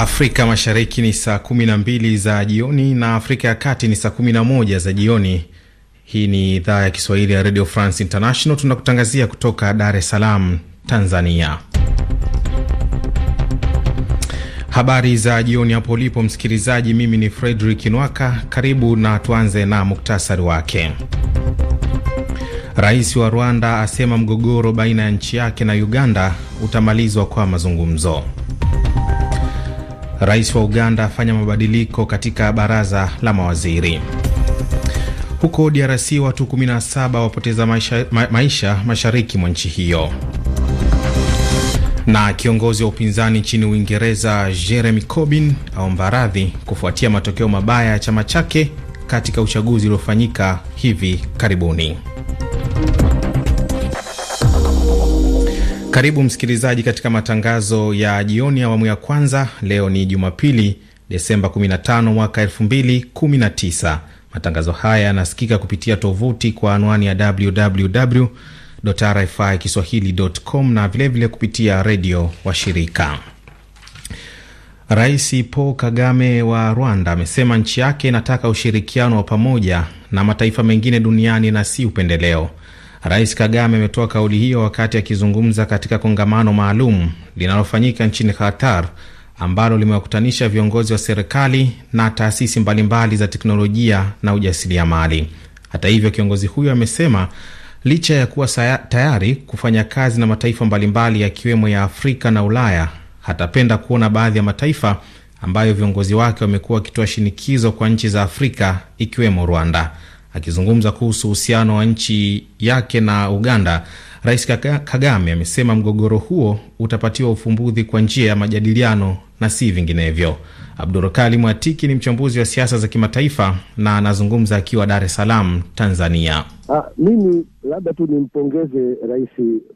Afrika Mashariki ni saa 12 za jioni na Afrika ya Kati ni saa 11 za jioni. Hii ni idhaa ya Kiswahili ya Radio France International, tunakutangazia kutoka Dar es Salaam, Tanzania. Habari za jioni hapo ulipo msikilizaji. Mimi ni Fredrick Nwaka, karibu na tuanze na muktasari wake. Rais wa Rwanda asema mgogoro baina ya nchi yake na Uganda utamalizwa kwa mazungumzo. Rais wa Uganda afanya mabadiliko katika baraza la mawaziri. Huko DRC watu 17 wapoteza maisha, ma, maisha mashariki mwa nchi hiyo. Na kiongozi wa upinzani nchini Uingereza Jeremy Corbyn aomba radhi kufuatia matokeo mabaya ya chama chake katika uchaguzi uliofanyika hivi karibuni. Karibu msikilizaji katika matangazo ya jioni awamu ya kwanza. Leo ni Jumapili, Desemba 15 mwaka 2019. Matangazo haya yanasikika kupitia tovuti kwa anwani ya www rfi kiswahili.com na vilevile vile kupitia redio wa shirika Rais Paul Kagame wa Rwanda amesema nchi yake inataka ushirikiano wa pamoja na mataifa mengine duniani na si upendeleo. Rais Kagame ametoa kauli hiyo wakati akizungumza katika kongamano maalum linalofanyika nchini Qatar ambalo limewakutanisha viongozi wa serikali na taasisi mbalimbali za teknolojia na ujasiriamali. Hata hivyo, kiongozi huyo amesema licha ya kuwa tayari kufanya kazi na mataifa mbalimbali yakiwemo ya Afrika na Ulaya, hatapenda kuona baadhi ya mataifa ambayo viongozi wake wamekuwa wakitoa shinikizo kwa nchi za Afrika ikiwemo Rwanda. Akizungumza kuhusu uhusiano wa nchi yake na Uganda, Rais Kagame amesema mgogoro huo utapatiwa ufumbuzi kwa njia ya majadiliano na si vinginevyo. Abdurkali Mwatiki ni mchambuzi wa siasa za kimataifa na anazungumza akiwa Dar es Salaam, Tanzania. Ah, mimi labda tu nimpongeze Rais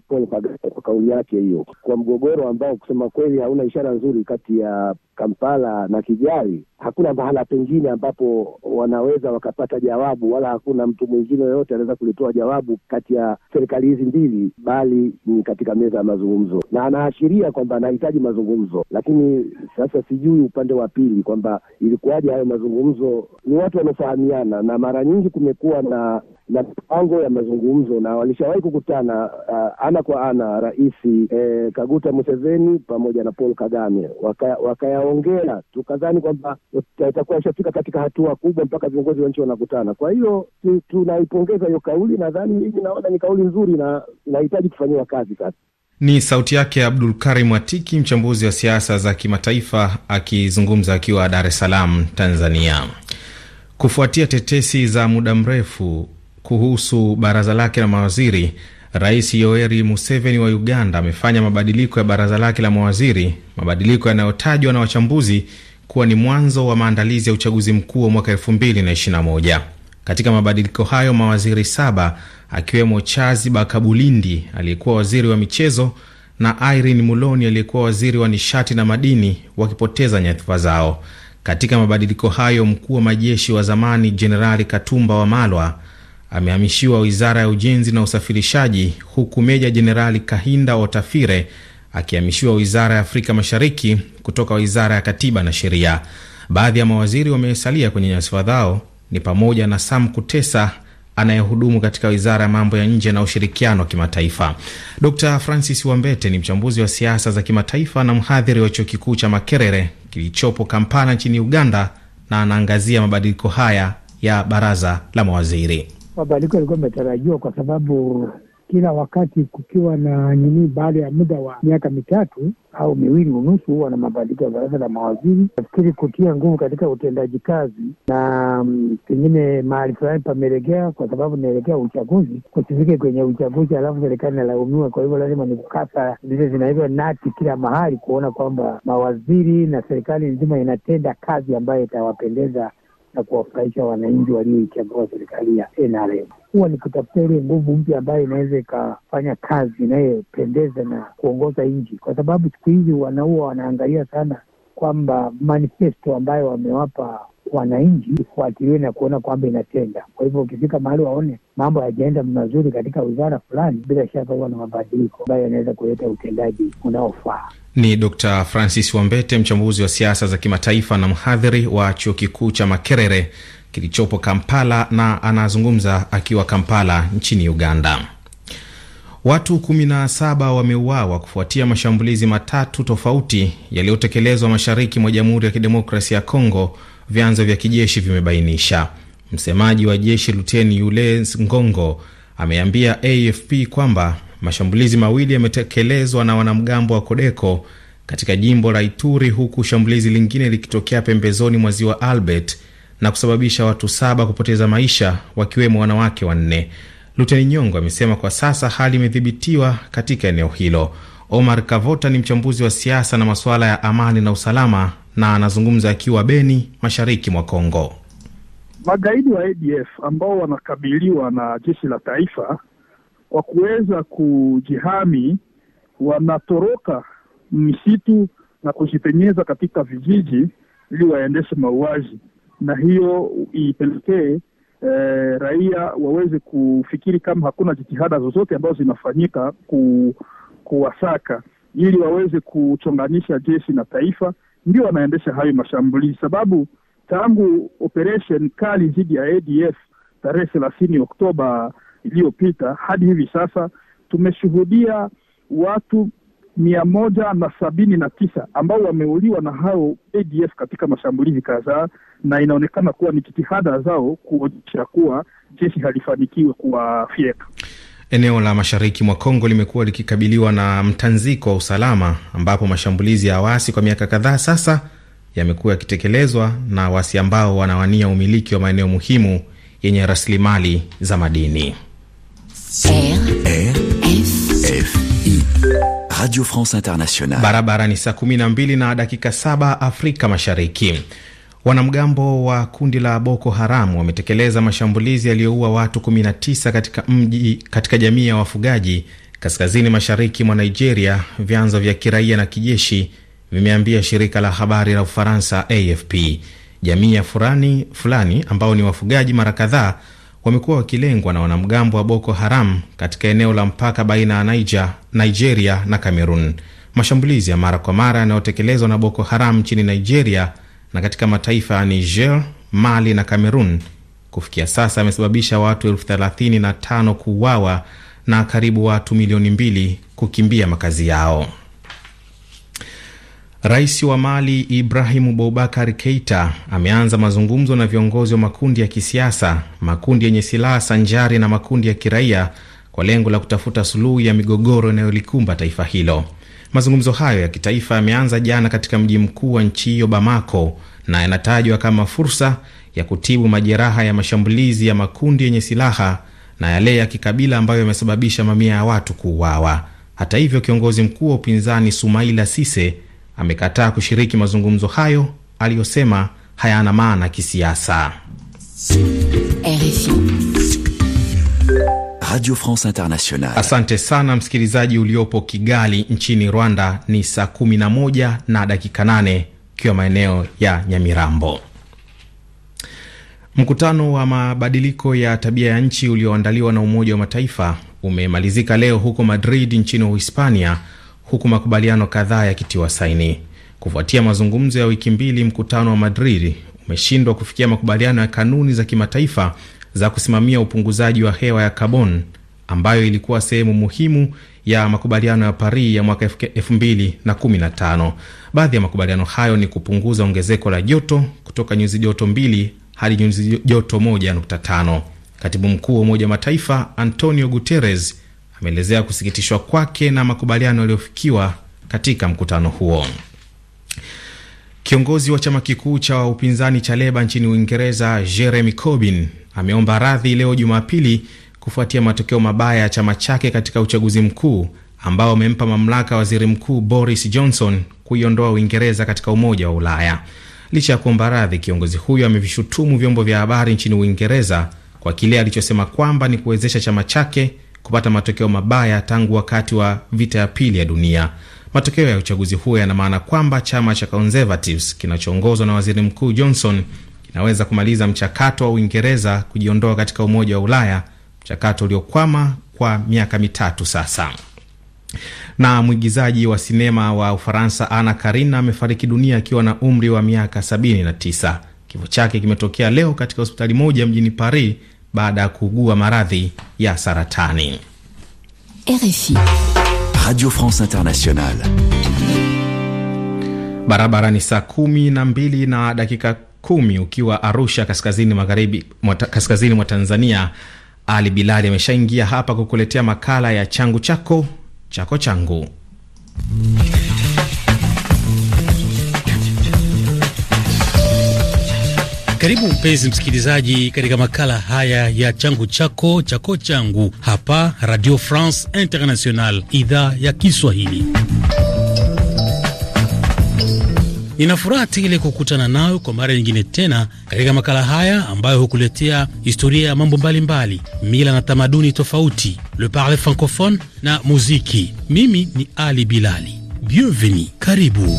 Paul Kagame kwa kauli yake hiyo kwa mgogoro ambao kusema kweli hauna ishara nzuri kati ya Kampala na Kigali. Hakuna mahala pengine ambapo wanaweza wakapata jawabu, wala hakuna mtu mwingine yoyote anaweza kulitoa jawabu kati ya serikali hizi mbili, bali ni katika meza ya mazungumzo, na anaashiria kwamba anahitaji mazungumzo, lakini sasa sijui upande wa pili kwamba ilikuwaje hayo mazungumzo. Ni watu wanaofahamiana, na mara nyingi kumekuwa na na mipango ya mazungumzo, na walishawahi kukutana uh, ana kwa ana rais eh, Kaguta Museveni pamoja na Paul Kagame, wakayaongea waka, tukadhani kwamba itakuwa ishafika katika hatua kubwa mpaka viongozi wa nchi wanakutana. Kwa hiyo tunaipongeza hiyo kauli, nadhani mimi naona ni kauli nzuri na inahitaji kufanyiwa kazi sasa. Ni sauti yake Abdul Karim Atiki, mchambuzi wa siasa za kimataifa akizungumza akiwa Dar es Salaam, Tanzania. Kufuatia tetesi za muda mrefu kuhusu baraza lake la mawaziri, Rais Yoweri Museveni wa Uganda amefanya mabadiliko ya baraza lake la mawaziri, mabadiliko yanayotajwa na wachambuzi kuwa ni mwanzo wa maandalizi ya uchaguzi mkuu wa mwaka 2021. Katika mabadiliko hayo, mawaziri saba akiwemo chazi Bakabulindi aliyekuwa waziri wa michezo na Irene Muloni aliyekuwa waziri wa nishati na madini wakipoteza nyadhifa zao. Katika mabadiliko hayo, mkuu wa majeshi wa zamani Jenerali Katumba Wamalwa amehamishiwa wizara ya ujenzi na usafirishaji, huku Meja Jenerali Kahinda Otafire akihamishiwa wizara ya Afrika Mashariki kutoka wizara ya katiba na sheria. Baadhi ya mawaziri wamesalia kwenye nyadhifa zao ni pamoja na Sam Kutesa anayehudumu katika wizara ya mambo ya nje na ushirikiano wa kimataifa. d Francis Wambete ni mchambuzi wa siasa za kimataifa na mhadhiri wa chuo kikuu cha Makerere kilichopo Kampala nchini Uganda, na anaangazia mabadiliko haya ya baraza la mawaziri. Mabadiliko yalikuwa yametarajiwa kwa sababu kila wakati kukiwa na nini, baada ya muda wa miaka mitatu au miwili unusu huwa na mabadiliko ya baraza la mawaziri. Nafikiri kutia nguvu katika utendaji kazi na mm, pengine mahali fulani pamelegea, kwa sababu inaelekea uchaguzi, kusifike kwenye uchaguzi alafu serikali inalaumiwa. Kwa hivyo lazima ni kukata zile zinaiva nati kila mahali, kuona kwamba mawaziri na serikali nzima inatenda kazi ambayo itawapendeza na kuwafurahisha wananchi walioichagua serikali ya NRM. Huwa ni kutafuta ile nguvu mpya ambayo inaweza ikafanya kazi inayopendeza na kuongoza nchi, kwa sababu siku hizi wanaua wanaangalia sana kwamba manifesto ambayo wamewapa wananchi kufuatilia na kuona kwamba inatenda. Kwa hivyo ukifika mahali waone mambo hayajaenda mazuri katika wizara fulani, bila shaka huwa na mabadiliko ambayo yanaweza kuleta utendaji unaofaa. Ni Dr Francis Wambete, mchambuzi wa siasa za kimataifa na mhadhiri wa chuo kikuu cha Makerere kilichopo Kampala, na anazungumza akiwa Kampala nchini Uganda. Watu 17 wameuawa kufuatia mashambulizi matatu tofauti yaliyotekelezwa mashariki mwa Jamhuri ya Kidemokrasia ya Kongo vyanzo vya kijeshi vimebainisha. Msemaji wa jeshi Luteni Yule Ngongo ameambia AFP kwamba mashambulizi mawili yametekelezwa na wanamgambo wa Kodeko katika jimbo la Ituri, huku shambulizi lingine likitokea pembezoni mwa ziwa Albert na kusababisha watu saba kupoteza maisha wakiwemo wanawake wanne. Luteni Nyongo amesema kwa sasa hali imedhibitiwa katika eneo hilo. Omar Kavota ni mchambuzi wa siasa na masuala ya amani na usalama na anazungumza akiwa Beni, mashariki mwa Kongo. Magaidi wa ADF ambao wanakabiliwa na jeshi la taifa kwa kuweza kujihami, wanatoroka misitu na kujipenyeza katika vijiji ili waendeshe mauaji, na hiyo ipelekee eh, raia waweze kufikiri kama hakuna jitihada zozote ambazo zinafanyika ku, kuwasaka ili waweze kuchonganisha jeshi na taifa ndio wanaendesha hayo mashambulizi, sababu tangu operation kali dhidi ya ADF tarehe thelathini Oktoba iliyopita hadi hivi sasa tumeshuhudia watu mia moja na sabini na tisa ambao wameuliwa na hao ADF katika mashambulizi kadhaa, na inaonekana kuwa ni jitihada zao kuonyesha kuwa jeshi halifanikiwe kuwafyeka. Eneo la mashariki mwa Kongo limekuwa likikabiliwa na mtanziko wa usalama ambapo mashambulizi ya waasi kwa miaka kadhaa sasa yamekuwa yakitekelezwa na waasi ambao wanawania umiliki wa maeneo muhimu yenye rasilimali za madini. Radio France Internationale. Barabara ni saa 12 na dakika 7 Afrika Mashariki. Wanamgambo wa kundi la Boko Haram wametekeleza mashambulizi yaliyoua watu 19 katika mji katika jamii ya wafugaji kaskazini mashariki mwa Nigeria, vyanzo vya kiraia na kijeshi vimeambia shirika la habari la Ufaransa AFP. Jamii ya fulani fulani ambao ni wafugaji mara kadhaa wamekuwa wakilengwa na wanamgambo wa Boko Haram katika eneo la mpaka baina ya Niger, Nigeria na Cameroon. Mashambulizi ya mara kwa mara yanayotekelezwa na Boko Haram nchini Nigeria na katika mataifa ya Niger, Mali na Cameroon kufikia sasa amesababisha watu elfu thelathini na tano kuuawa na karibu watu milioni mbili kukimbia makazi yao. Rais wa Mali Ibrahimu Boubakar Keita ameanza mazungumzo na viongozi wa makundi ya kisiasa, makundi yenye silaha sanjari na makundi ya kiraia kwa lengo la kutafuta suluhu ya migogoro inayolikumba taifa hilo. Mazungumzo hayo ya kitaifa yameanza jana katika mji mkuu wa nchi hiyo Bamako, na yanatajwa kama fursa ya kutibu majeraha ya mashambulizi ya makundi yenye silaha na yale ya kikabila ambayo yamesababisha mamia ya watu kuuawa. Hata hivyo, kiongozi mkuu wa upinzani Sumaila Sise amekataa kushiriki mazungumzo hayo aliyosema hayana maana kisiasa. RFI. Radio France Internationale. Asante sana msikilizaji uliopo Kigali nchini Rwanda. Ni saa 11 na dakika 8 ukiwa maeneo ya Nyamirambo. Mkutano wa mabadiliko ya tabia ya nchi ulioandaliwa na Umoja wa Mataifa umemalizika leo huko Madrid nchini Uhispania, huku makubaliano kadhaa yakitiwa saini. Kufuatia mazungumzo ya wiki mbili, mkutano wa Madrid umeshindwa kufikia makubaliano ya kanuni za kimataifa za kusimamia upunguzaji wa hewa ya kaboni ambayo ilikuwa sehemu muhimu ya makubaliano ya Paris ya mwaka 2015. Baadhi ya makubaliano hayo ni kupunguza ongezeko la joto kutoka nyuzi joto mbili hadi nyuzi joto 1.5. Katibu mkuu wa Umoja wa Mataifa Antonio Guterres ameelezea kusikitishwa kwake na makubaliano yaliyofikiwa katika mkutano huo. Kiongozi wa chama kikuu cha upinzani cha Leba nchini Uingereza Jeremy Corbyn ameomba radhi leo Jumapili kufuatia matokeo mabaya ya chama chake katika uchaguzi mkuu ambao amempa mamlaka waziri mkuu Boris Johnson kuiondoa Uingereza katika Umoja wa Ulaya. Licha ya kuomba radhi, kiongozi huyo amevishutumu vyombo vya habari nchini Uingereza kwa kile alichosema kwamba ni kuwezesha chama chake kupata matokeo mabaya tangu wakati wa vita ya pili ya dunia. Matokeo ya uchaguzi huo yana maana kwamba chama cha Conservatives kinachoongozwa na waziri mkuu Johnson inaweza kumaliza mchakato wa Uingereza kujiondoa katika Umoja wa Ulaya, mchakato uliokwama kwa miaka mitatu sasa. Na mwigizaji wa sinema wa Ufaransa ana Karina amefariki dunia akiwa na umri wa miaka 79. Kifo chake kimetokea leo katika hospitali moja mjini Paris baada ya kuugua maradhi ya saratani. RFI, Radio France Internationale. Barabara ni saa kumi na mbili na dakika kumi ukiwa Arusha, kaskazini magharibi kaskazini mwa Tanzania. Ali Bilali ameshaingia hapa kukuletea makala ya changu chako chako changu. Karibu mpenzi msikilizaji, katika makala haya ya changu chako chako changu hapa Radio France International, idhaa ya Kiswahili. Nina furaha tele kukutana nawe kwa mara nyingine tena katika makala haya ambayo hukuletea historia ya mambo mbalimbali, mila na tamaduni tofauti, le parle francophone na muziki. Mimi ni Ali Bilali. bienveni karibu.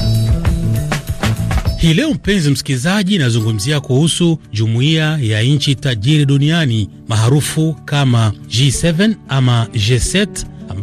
Hii leo mpenzi msikilizaji, nazungumzia kuhusu jumuiya ya nchi tajiri duniani maarufu kama G7 ama G7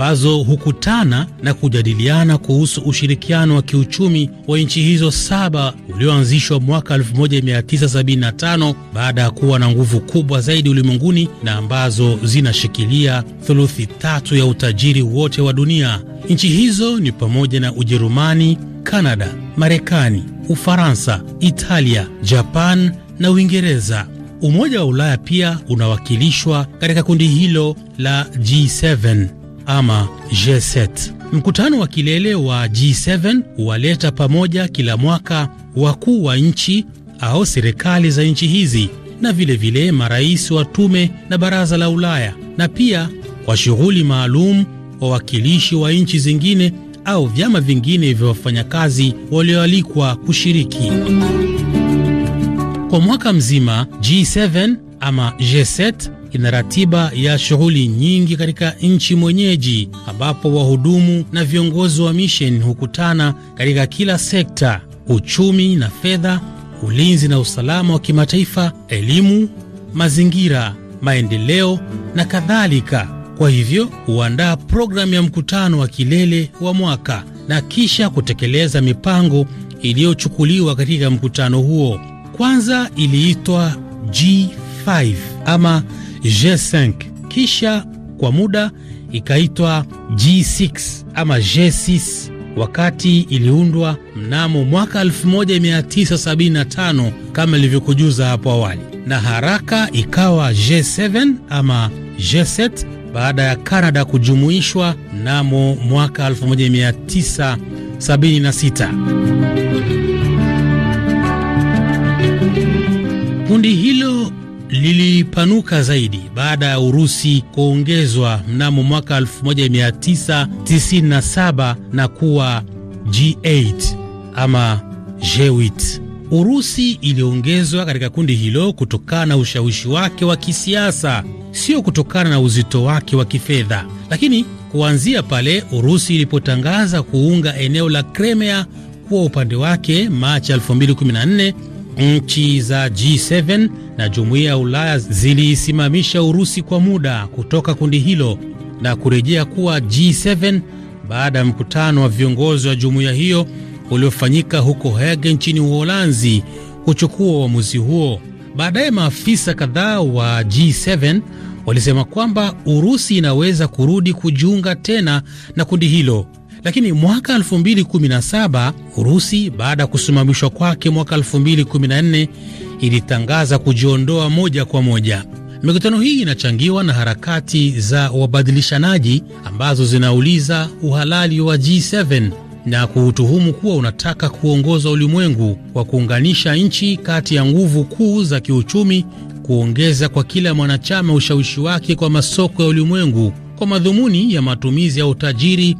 ambazo hukutana na kujadiliana kuhusu ushirikiano wa kiuchumi wa nchi hizo saba ulioanzishwa mwaka 1975 baada ya kuwa na nguvu kubwa zaidi ulimwenguni na ambazo zinashikilia thuluthi tatu ya utajiri wote wa dunia. Nchi hizo ni pamoja na Ujerumani, Kanada, Marekani, Ufaransa, Italia, Japan na Uingereza. Umoja wa Ulaya pia unawakilishwa katika kundi hilo la G7 ama G7. Mkutano wa kilele wa G7 huwaleta pamoja kila mwaka wakuu wa nchi au serikali za nchi hizi na vilevile marais wa tume na baraza la Ulaya na pia kwa shughuli maalum wawakilishi wa nchi zingine au vyama vingine vya wafanyakazi walioalikwa kushiriki kwa mwaka mzima. G7 ama G7 ina ratiba ya shughuli nyingi katika nchi mwenyeji, ambapo wahudumu na viongozi wa misheni hukutana katika kila sekta: uchumi na fedha, ulinzi na usalama wa kimataifa, elimu, mazingira, maendeleo na kadhalika. Kwa hivyo huandaa programu ya mkutano wa kilele wa mwaka na kisha kutekeleza mipango iliyochukuliwa katika mkutano huo. Kwanza iliitwa G5 ama G5 kisha kwa muda ikaitwa G6 ama G6 wakati iliundwa mnamo mwaka 1975 kama ilivyokujuza hapo awali, na haraka ikawa G7 ama G7 baada ya Kanada kujumuishwa mnamo mwaka 1976. Kundi hilo lilipanuka zaidi baada ya Urusi kuongezwa mnamo mwaka 1997 na kuwa G8 ama G8. Urusi iliongezwa katika kundi hilo kutokana na ushawishi wake wa kisiasa, sio kutokana na uzito wake wa kifedha. Lakini kuanzia pale Urusi ilipotangaza kuunga eneo la Crimea kuwa upande wake Machi 2014 Nchi za G7 na jumuiya ya Ulaya ziliisimamisha Urusi kwa muda kutoka kundi hilo na kurejea kuwa G7 baada ya mkutano wa viongozi wa jumuiya hiyo uliofanyika huko Hague nchini Uholanzi kuchukua uamuzi huo. Baadaye maafisa kadhaa wa G7 walisema kwamba Urusi inaweza kurudi kujiunga tena na kundi hilo lakini mwaka 2017 Urusi, baada ya kusimamishwa kwake mwaka 2014, ilitangaza kujiondoa moja kwa moja. Mikutano hii inachangiwa na harakati za wabadilishanaji ambazo zinauliza uhalali wa G7 na kuutuhumu kuwa unataka kuongoza ulimwengu kwa kuunganisha nchi kati ya nguvu kuu za kiuchumi, kuongeza kwa kila mwanachama ushawishi wake kwa masoko ya ulimwengu kwa madhumuni ya matumizi ya utajiri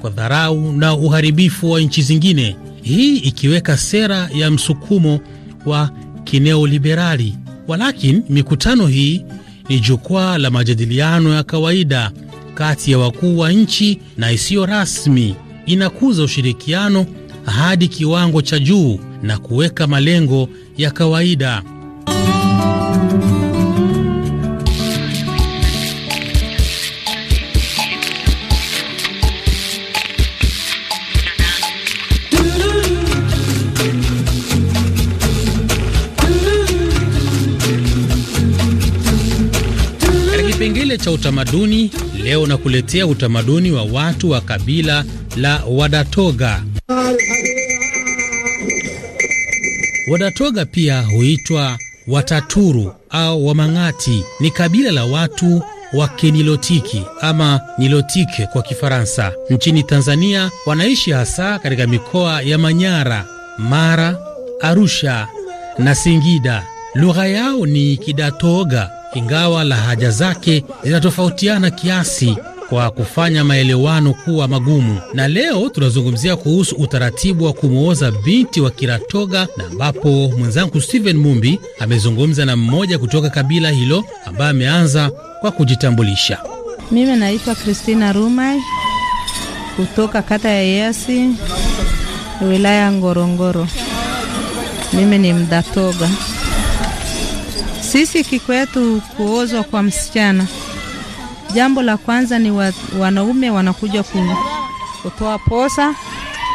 kwa dharau na uharibifu wa nchi zingine, hii ikiweka sera ya msukumo wa kineoliberali. Walakin mikutano hii ni jukwaa la majadiliano ya kawaida kati ya wakuu wa nchi na isiyo rasmi, inakuza ushirikiano hadi kiwango cha juu na kuweka malengo ya kawaida. utamaduni leo nakuletea utamaduni wa watu wa kabila la Wadatoga. Wadatoga pia huitwa Wataturu au Wamang'ati, ni kabila la watu wa Kenilotiki ama Nilotike kwa Kifaransa. Nchini Tanzania wanaishi hasa katika mikoa ya Manyara, Mara, Arusha na Singida. Lugha yao ni Kidatoga ingawa lahaja zake zinatofautiana kiasi kwa kufanya maelewano kuwa magumu. Na leo tunazungumzia kuhusu utaratibu wa kumwoza binti wa Kiratoga, na ambapo mwenzangu Steven Mumbi amezungumza na mmoja kutoka kabila hilo ambaye ameanza kwa kujitambulisha. Mimi naitwa Kristina Rumai kutoka kata ya Yasi, wilaya Ngorongoro. Mimi ni Mdatoga. Sisi kikwetu kuozwa kwa msichana, jambo la kwanza ni wa, wanaume wanakuja kutoa posa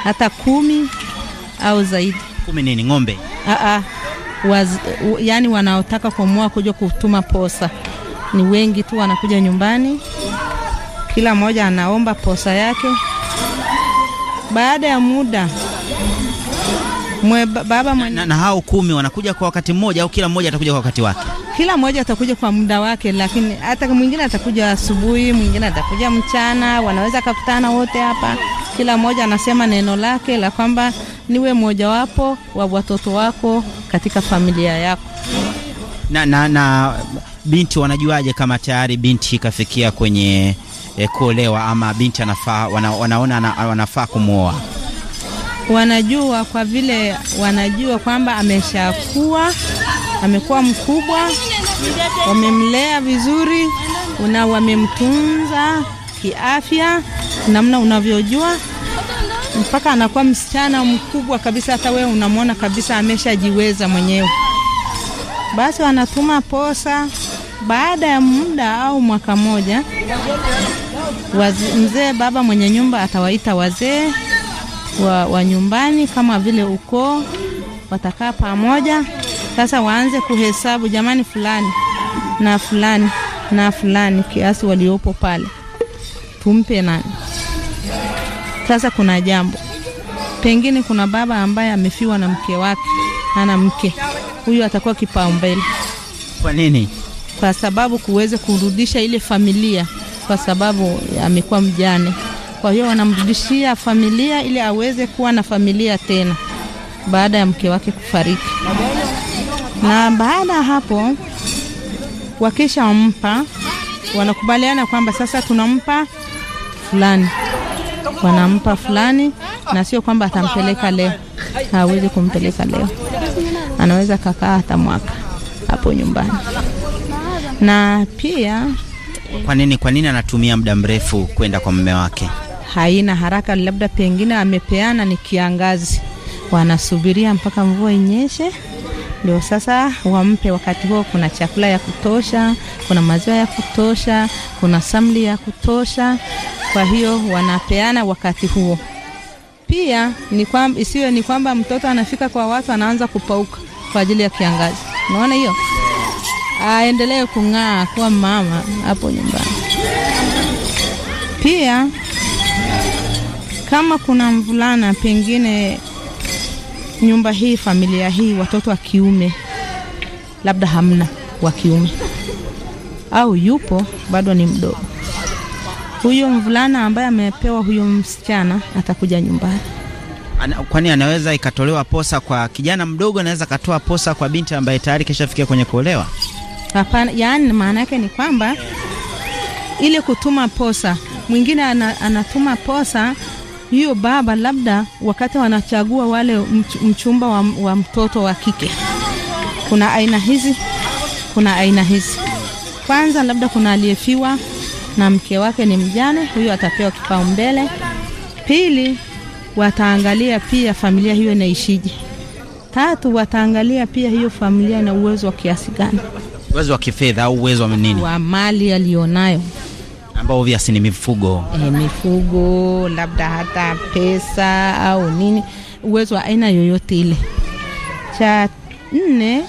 hata kumi au zaidi. Kumi nini? Ng'ombe? Aa, ah, ah. waz, yani wanaotaka kumwoa kuja kutuma posa ni wengi tu, wanakuja nyumbani, kila mmoja anaomba posa yake. Baada ya muda Mwe baba mwe... na, na hao kumi wanakuja kwa wakati mmoja au kila mmoja atakuja kwa wakati wake? Kila mmoja atakuja kwa muda wake, lakini hata mwingine atakuja asubuhi, mwingine atakuja mchana, wanaweza kukutana wote hapa, kila mmoja anasema neno lake la kwamba niwe mojawapo wa watoto wako katika familia yako. Na, na, na binti wanajuaje kama tayari binti ikafikia kwenye eh, kuolewa ama binti anafaa, wana, wanaona wanafaa kumwoa? wanajua kwa vile wanajua kwamba ameshakuwa amekuwa mkubwa, wamemlea vizuri una wamemtunza kiafya namna unavyojua, mpaka anakuwa msichana mkubwa kabisa, hata wewe unamwona kabisa ameshajiweza mwenyewe. Basi wanatuma posa. Baada ya muda au mwaka mmoja, mzee baba mwenye nyumba atawaita wazee wa, wa nyumbani kama vile ukoo, watakaa pamoja sasa, waanze kuhesabu jamani, fulani na fulani na fulani kiasi waliopo pale tumpe nani. Sasa kuna jambo pengine, kuna baba ambaye amefiwa na mke wake, ana mke huyu, atakuwa kipaumbele. Kwa nini? Kwa sababu kuweze kurudisha ile familia, kwa sababu amekuwa mjane. Kwa hiyo wanamrudishia familia ili aweze kuwa na familia tena baada ya mke wake kufariki. Na baada ya hapo, wakisha wampa, wanakubaliana kwamba sasa tunampa fulani, wanampa fulani, na sio kwamba atampeleka leo. Hawezi kumpeleka leo, anaweza kakaa hata mwaka hapo nyumbani. Na pia kwa nini, kwa nini anatumia muda mrefu kwenda kwa mume wake? haina haraka, labda pengine amepeana ni kiangazi, wanasubiria mpaka mvua inyeshe ndio sasa wampe. Wakati huo kuna chakula ya kutosha, kuna maziwa ya kutosha, kuna samli ya kutosha. Kwa hiyo wanapeana wakati huo. Pia ni kwamba isiwe ni kwamba mtoto anafika kwa watu anaanza kupauka kwa ajili ya kiangazi. Unaona hiyo, aendelee kung'aa kuwa mama hapo nyumbani. Pia kama kuna mvulana pengine nyumba hii familia hii watoto wa kiume labda hamna wa kiume au yupo bado ni mdogo, huyo mvulana ambaye amepewa huyo msichana atakuja nyumbani. Ana, kwani anaweza ikatolewa posa kwa kijana mdogo, anaweza akatoa posa kwa binti ambaye tayari kishafikia kwenye kuolewa? Hapana, yaani maana yake ni kwamba ile kutuma posa, mwingine ana, anatuma posa hiyo baba labda wakati wanachagua wale mchumba wa, wa mtoto wa kike. Kuna aina hizi, kuna aina hizi. Kwanza labda kuna aliyefiwa na mke wake ni mjane, huyo atapewa kipaumbele. Pili, wataangalia pia familia hiyo inaishije. Tatu, wataangalia pia hiyo familia ina uwezo wa kiasi gani, uwezo wa kifedha au uwezo wa nini, wa mali aliyonayo ambao obviously ni mifugo e, mifugo labda hata pesa au nini, uwezo wa aina yoyote ile. Cha nne,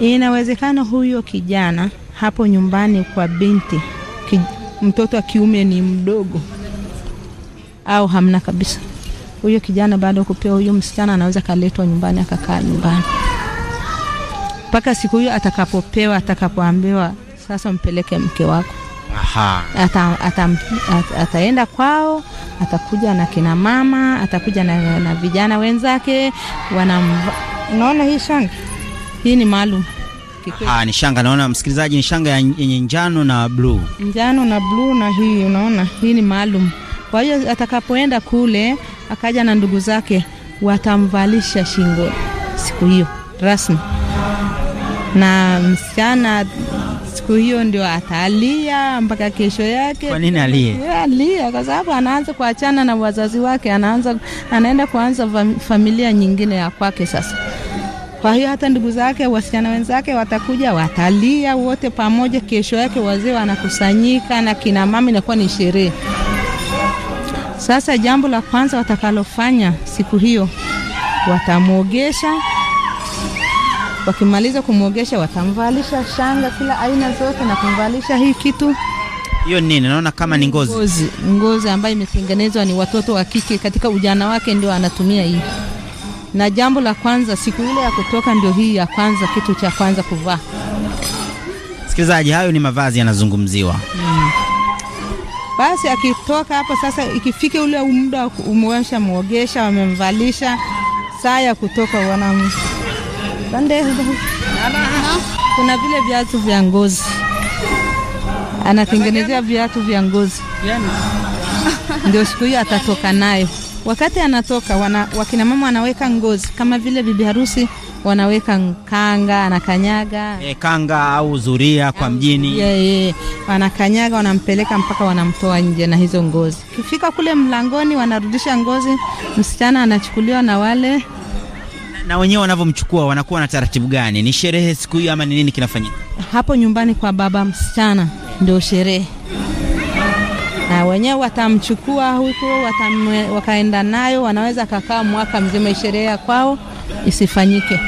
inawezekana huyo kijana hapo nyumbani kwa binti ki, mtoto wa kiume ni mdogo au hamna kabisa, huyo kijana bado kupewa, huyo msichana anaweza kaletwa nyumbani akakaa nyumbani mpaka siku hiyo atakapopewa, atakapoambiwa sasa mpeleke mke wako. Aha. Ata, ata, ataenda kwao, atakuja na kina mama, atakuja na, na vijana wenzake wana, unaona hii shanga hii ni maalum Ha, ni shanga naona, msikilizaji, ni shanga yenye njano na bluu, njano na bluu, na hii unaona, hii ni maalum. Kwa hiyo atakapoenda kule, akaja na ndugu zake, watamvalisha shingo siku hiyo rasmi, na msichana siku hiyo ndio atalia mpaka kesho yake. Kwa nini alie? Alia kwa sababu anaanza kuachana na wazazi wake, anaanza anaenda kuanza familia nyingine ya kwake sasa. Kwa hiyo hata ndugu zake, wasichana wenzake watakuja, watalia wote pamoja. Kesho yake wazee wanakusanyika na kina mama, inakuwa ni sherehe. Sasa jambo la kwanza watakalofanya siku hiyo, watamwogesha Wakimaliza kumwogesha, watamvalisha shanga kila aina zote na kumvalisha hii kitu hiyo nini, naona kama ni ngozi ngozi, ngozi ambayo imetengenezwa ni watoto wa kike, katika ujana wake ndio anatumia hii. Na jambo la kwanza siku ile ya kutoka, ndio hii ya kwanza, kitu cha kwanza kuvaa. Msikilizaji, hayo ni mavazi yanazungumziwa. Mm. Basi akitoka hapo sasa, ikifika ule muda wa mwogesha, wamemvalisha, saa ya kutoka wanamu kuna vile viatu vya ngozi, anatengenezea viatu vya ngozi, yaani? ndio siku hiyo atatoka nayo. Wakati anatoka wana, wakina mama wanaweka ngozi kama vile bibi harusi wanaweka kanga, anakanyaga e, kanga au zuria kwa mjini yeah, yeah. Wanakanyaga, wanampeleka mpaka wanamtoa nje na hizo ngozi. Kifika kule mlangoni, wanarudisha ngozi, msichana anachukuliwa na wale na wenyewe wanavyomchukua wanakuwa na taratibu gani? Ni sherehe siku hiyo ama ni nini kinafanyika hapo nyumbani kwa baba msichana? Ndio sherehe, na wenyewe watamchukua huko wakaenda nayo, wanaweza kakaa mwaka mzima, sherehe ya kwao isifanyike.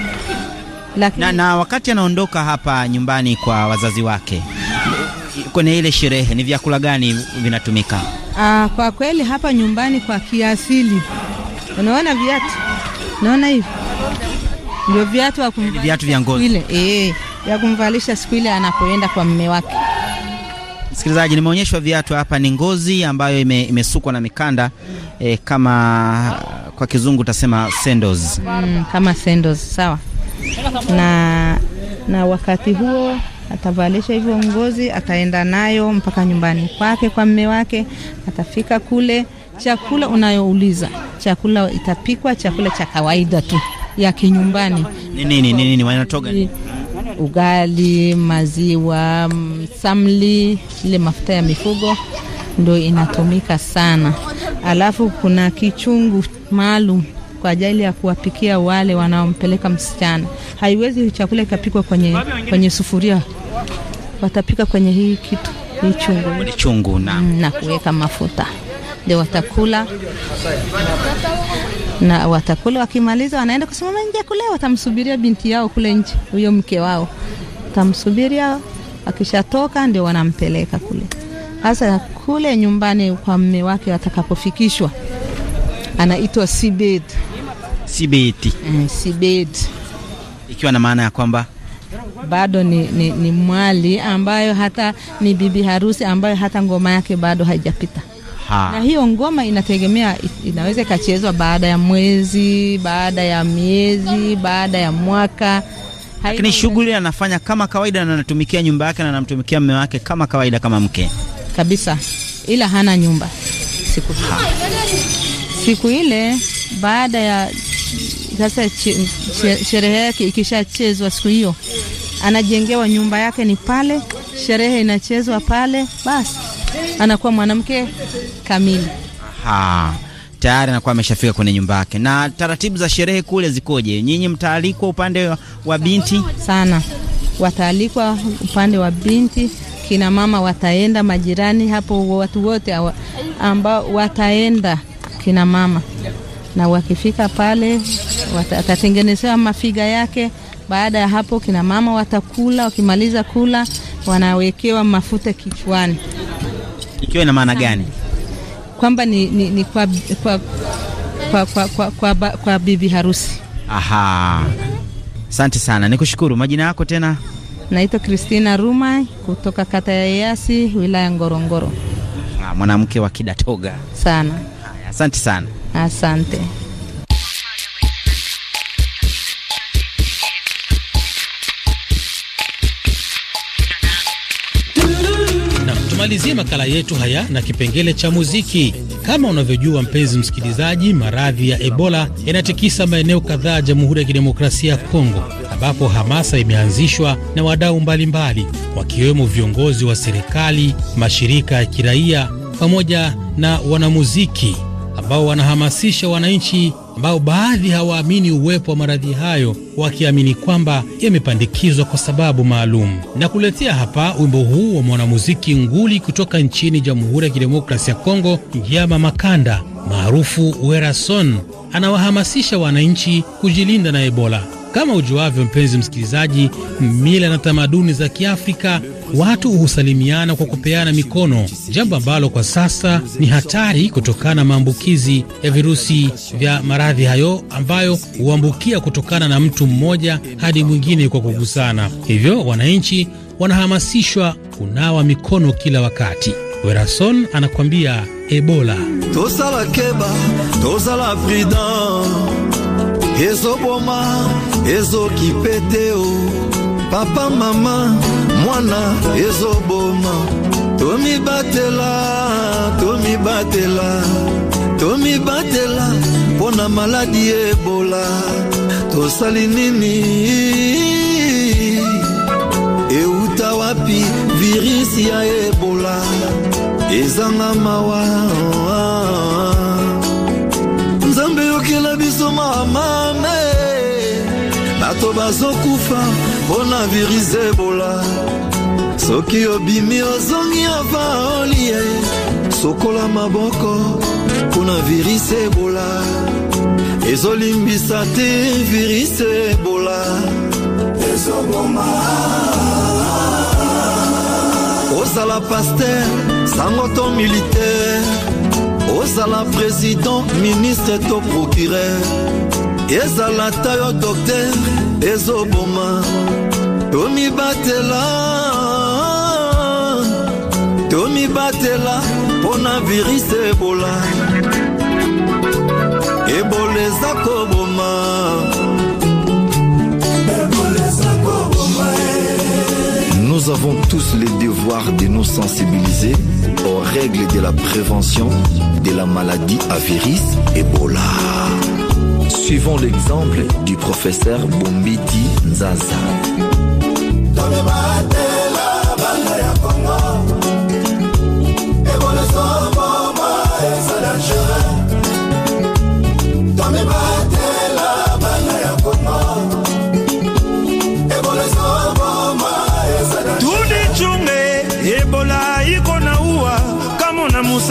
Lakini... na, na wakati anaondoka hapa nyumbani kwa wazazi wake kwenye ile sherehe ni vyakula gani vinatumika? Aa, ah, kwa kweli hapa nyumbani kwa kiasili, unaona viatu, unaona hivi ndio viatu akumvalisha viatu vya ngozi ile eh, ya kumvalisha siku ile anapoenda kwa mume wake. Msikilizaji, nimeonyeshwa viatu hapa, ni ngozi ambayo ime, imesukwa na mikanda eh, kama kwa kizungu utasema sandals mm, kama sandals sawa. Na, na wakati huo atavalisha hivyo ngozi, ataenda nayo mpaka nyumbani kwake kwa mume wake. Atafika kule, chakula unayouliza, chakula itapikwa chakula cha kawaida tu ya kinyumbani. Ni nini ni nini wanatoga ni? Ugali, maziwa, samli, ile mafuta ya mifugo ndo inatumika sana. Alafu kuna kichungu maalum kwa ajili ya kuwapikia wale wanaompeleka msichana. Haiwezi chakula ikapikwa kwenye, kwenye sufuria, watapika kwenye hii kitu hii chungu, chungu na, mm, na kuweka mafuta ndio watakula na watakula. Wakimaliza wanaenda kusimama nje kule, watamsubiria binti yao kule nje, huyo mke wao watamsubiria. Akishatoka ndio wanampeleka kule. Sasa kule nyumbani kwa mme wake atakapofikishwa, anaitwa sibed. sibed, Mm, sibed ikiwa na maana ya kwamba bado ni, ni, ni mwali ambayo hata ni bibi harusi ambayo hata ngoma yake bado haijapita. Aha. Na hiyo ngoma inategemea, inaweza ikachezwa baada ya mwezi, baada ya miezi, baada ya mwaka lakini shughuli anafanya kama kawaida, na anatumikia nyumba yake na anamtumikia mume wake kama kawaida, kama mke kabisa, ila hana nyumba siku ha. Siku ile baada ya sasa sherehe yake ikishachezwa siku hiyo, anajengewa nyumba yake, ni pale sherehe inachezwa pale basi anakuwa mwanamke kamili. Aha, tayari anakuwa ameshafika kwenye nyumba yake. Na taratibu za sherehe kule zikoje? Nyinyi mtaalikwa upande wa binti sana, wataalikwa upande wa binti, kina mama wataenda, majirani hapo, watu wote ambao wataenda kina mama, na wakifika pale watatengenezewa mafiga yake. Baada ya hapo, kina mama watakula, wakimaliza kula wanawekewa mafuta kichwani ikiwa ina maana gani? Kwamba ni, ni, ni kwa, kwa, kwa, kwa, kwa, kwa, kwa, kwa bibi harusi. Aha, asante sana, nikushukuru. Majina yako tena? Naitwa Kristina Ruma kutoka kata ya Eyasi wilaya Ngorongoro. Ah, mwanamke wa kidatoga sana. Asante sana, asante. Tumalizie makala yetu haya na kipengele cha muziki. Kama unavyojua mpenzi msikilizaji, maradhi ya Ebola yanatikisa maeneo kadhaa ya Jamhuri ya Kidemokrasia ya Kongo, ambapo hamasa imeanzishwa na wadau mbalimbali, wakiwemo viongozi wa serikali, mashirika ya kiraia pamoja na wanamuziki ambao wanahamasisha wananchi ambao baadhi hawaamini uwepo wa maradhi hayo, wakiamini kwamba yamepandikizwa kwa sababu maalum. Na kuletea hapa wimbo huu wa mwanamuziki nguli kutoka nchini Jamhuri ya kidemokrasi ya Kongo, Njama Makanda maarufu Werason, anawahamasisha wananchi kujilinda na Ebola. Kama ujuavyo, mpenzi msikilizaji, mila na tamaduni za Kiafrika watu husalimiana kwa kupeana mikono, jambo ambalo kwa sasa ni hatari kutokana na maambukizi ya virusi vya maradhi hayo ambayo huambukia kutokana na mtu mmoja hadi mwingine kwa kugusana. Hivyo wananchi wanahamasishwa kunawa mikono kila wakati. Werason anakwambia Ebola tozala keba ezoboma ezokipeteo papa mama mwana ezoboma tomibatela tomibatela tomibatela mpo na maladi ebola tosali nini euta wapi virisi ya ebola ezanga mawa nzambe yokela biso mamame bato bazokufa mpona virus ebola soki obimi ozongi ava olie sokola maboko mpona virus ebola ezolimbisa te virus ebola ezoboma ozala paster sango to militaire ozala président ministre to procureur me ta yo docteur ezoboma tomibatela tomibatela mpo na virus ebola ebola eza koboma eh. Nous avons tous le devoir de nous sensibiliser aux règles de la prévention de la maladie à virus Ebola. Suivons l'exemple du professeur Bombiti Zaza.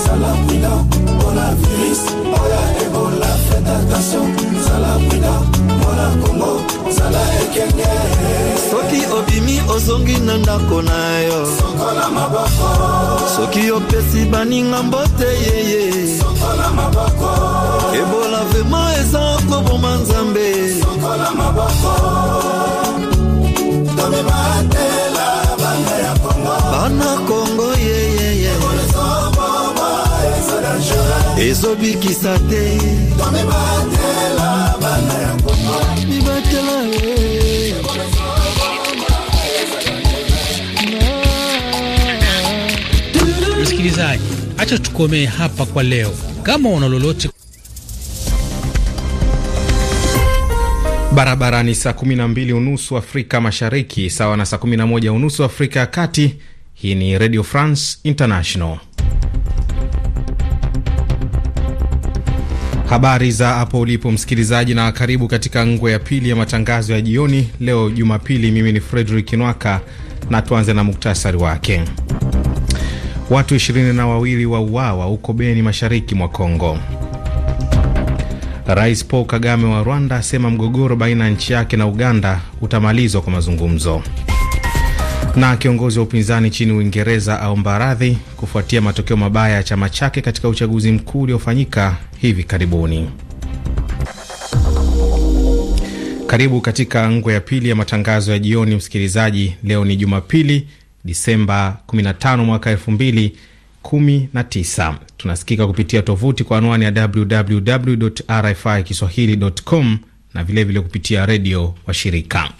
salamwina mpona virus oya ebola fete attention salamwina mpona kongo zala ekenge soki obimi ozongi na ndako na yo sokola maboko soki opesi baninga mbote yeye sokola maboko ebola vrema eza koboma nzambe sokola maboko tomema ezobikisa te msikilizaji acha tukomee hapa kwa leo kama una lolote barabara ni saa 12 unusu afrika mashariki sawa na saa 11 unusu afrika ya kati hii ni radio france international Habari za hapo ulipo msikilizaji, na karibu katika ngwe ya pili ya matangazo ya jioni leo Jumapili. Mimi ni Fredrick Nwaka na tuanze na muktasari wake. Watu ishirini na wawili uawa huko Beni, mashariki mwa Kongo. Rais Paul Kagame wa Rwanda asema mgogoro baina ya nchi yake na Uganda utamalizwa kwa mazungumzo. Na kiongozi wa upinzani nchini Uingereza aomba radhi kufuatia matokeo mabaya ya chama chake katika uchaguzi mkuu uliofanyika hivi karibuni. Karibu katika ngwe ya pili ya matangazo ya jioni, msikilizaji. Leo ni Jumapili, Disemba 15 mwaka 2019. Tunasikika kupitia tovuti kwa anwani ya www rfi kiswahili.com na vilevile vile kupitia redio wa shirika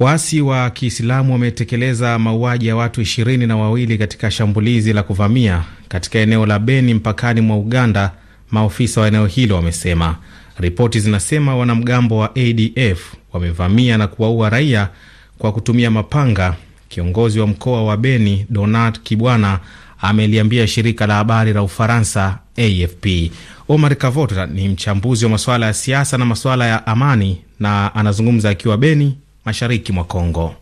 Waasi wa Kiislamu wametekeleza mauaji ya watu ishirini na wawili katika shambulizi la kuvamia katika eneo la Beni mpakani mwa Uganda, maofisa wa eneo hilo wamesema. Ripoti zinasema wanamgambo wa ADF wamevamia na kuwaua raia kwa kutumia mapanga. Kiongozi wa mkoa wa Beni Donat Kibwana ameliambia shirika la habari la Ufaransa AFP. Omar Kavota ni mchambuzi wa masuala ya siasa na masuala ya amani na anazungumza akiwa Beni mashariki mwa Kongo.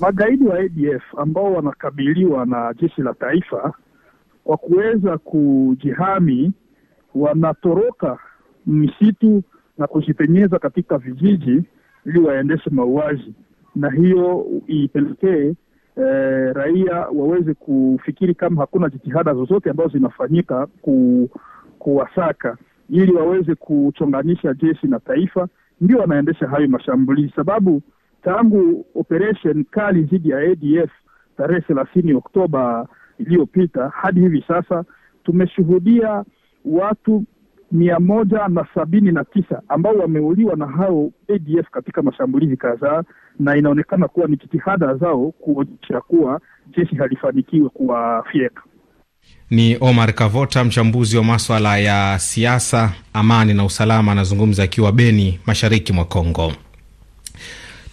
Magaidi wa ADF ambao wanakabiliwa na jeshi la taifa kwa kuweza kujihami, wanatoroka misitu na kujipenyeza katika vijiji ili waendeshe mauaji, na hiyo ipelekee eh, raia waweze kufikiri kama hakuna jitihada zozote ambazo zinafanyika ku, kuwasaka ili waweze kuchonganisha jeshi na taifa ndio wanaendesha hayo mashambulizi, sababu tangu operation kali dhidi ya ADF tarehe thelathini Oktoba iliyopita hadi hivi sasa tumeshuhudia watu mia moja na sabini na tisa ambao wameuliwa na hao ADF katika mashambulizi kadhaa, na inaonekana kuwa ni jitihada zao kuonyesha kuwa jeshi halifanikiwe kuwafyeka. Ni Omar Kavota, mchambuzi wa maswala ya siasa, amani na usalama, anazungumza akiwa Beni, mashariki mwa Kongo.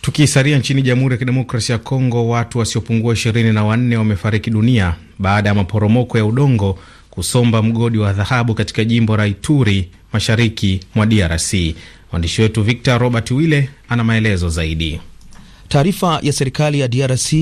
Tukisalia nchini Jamhuri ya Kidemokrasia ya Kongo, watu wasiopungua ishirini na wanne wamefariki dunia baada ya maporomoko ya udongo kusomba mgodi wa dhahabu katika jimbo la Ituri, mashariki mwa DRC. Mwandishi wetu Victor Robert Wille ana maelezo zaidi. Taarifa ya serikali ya DRC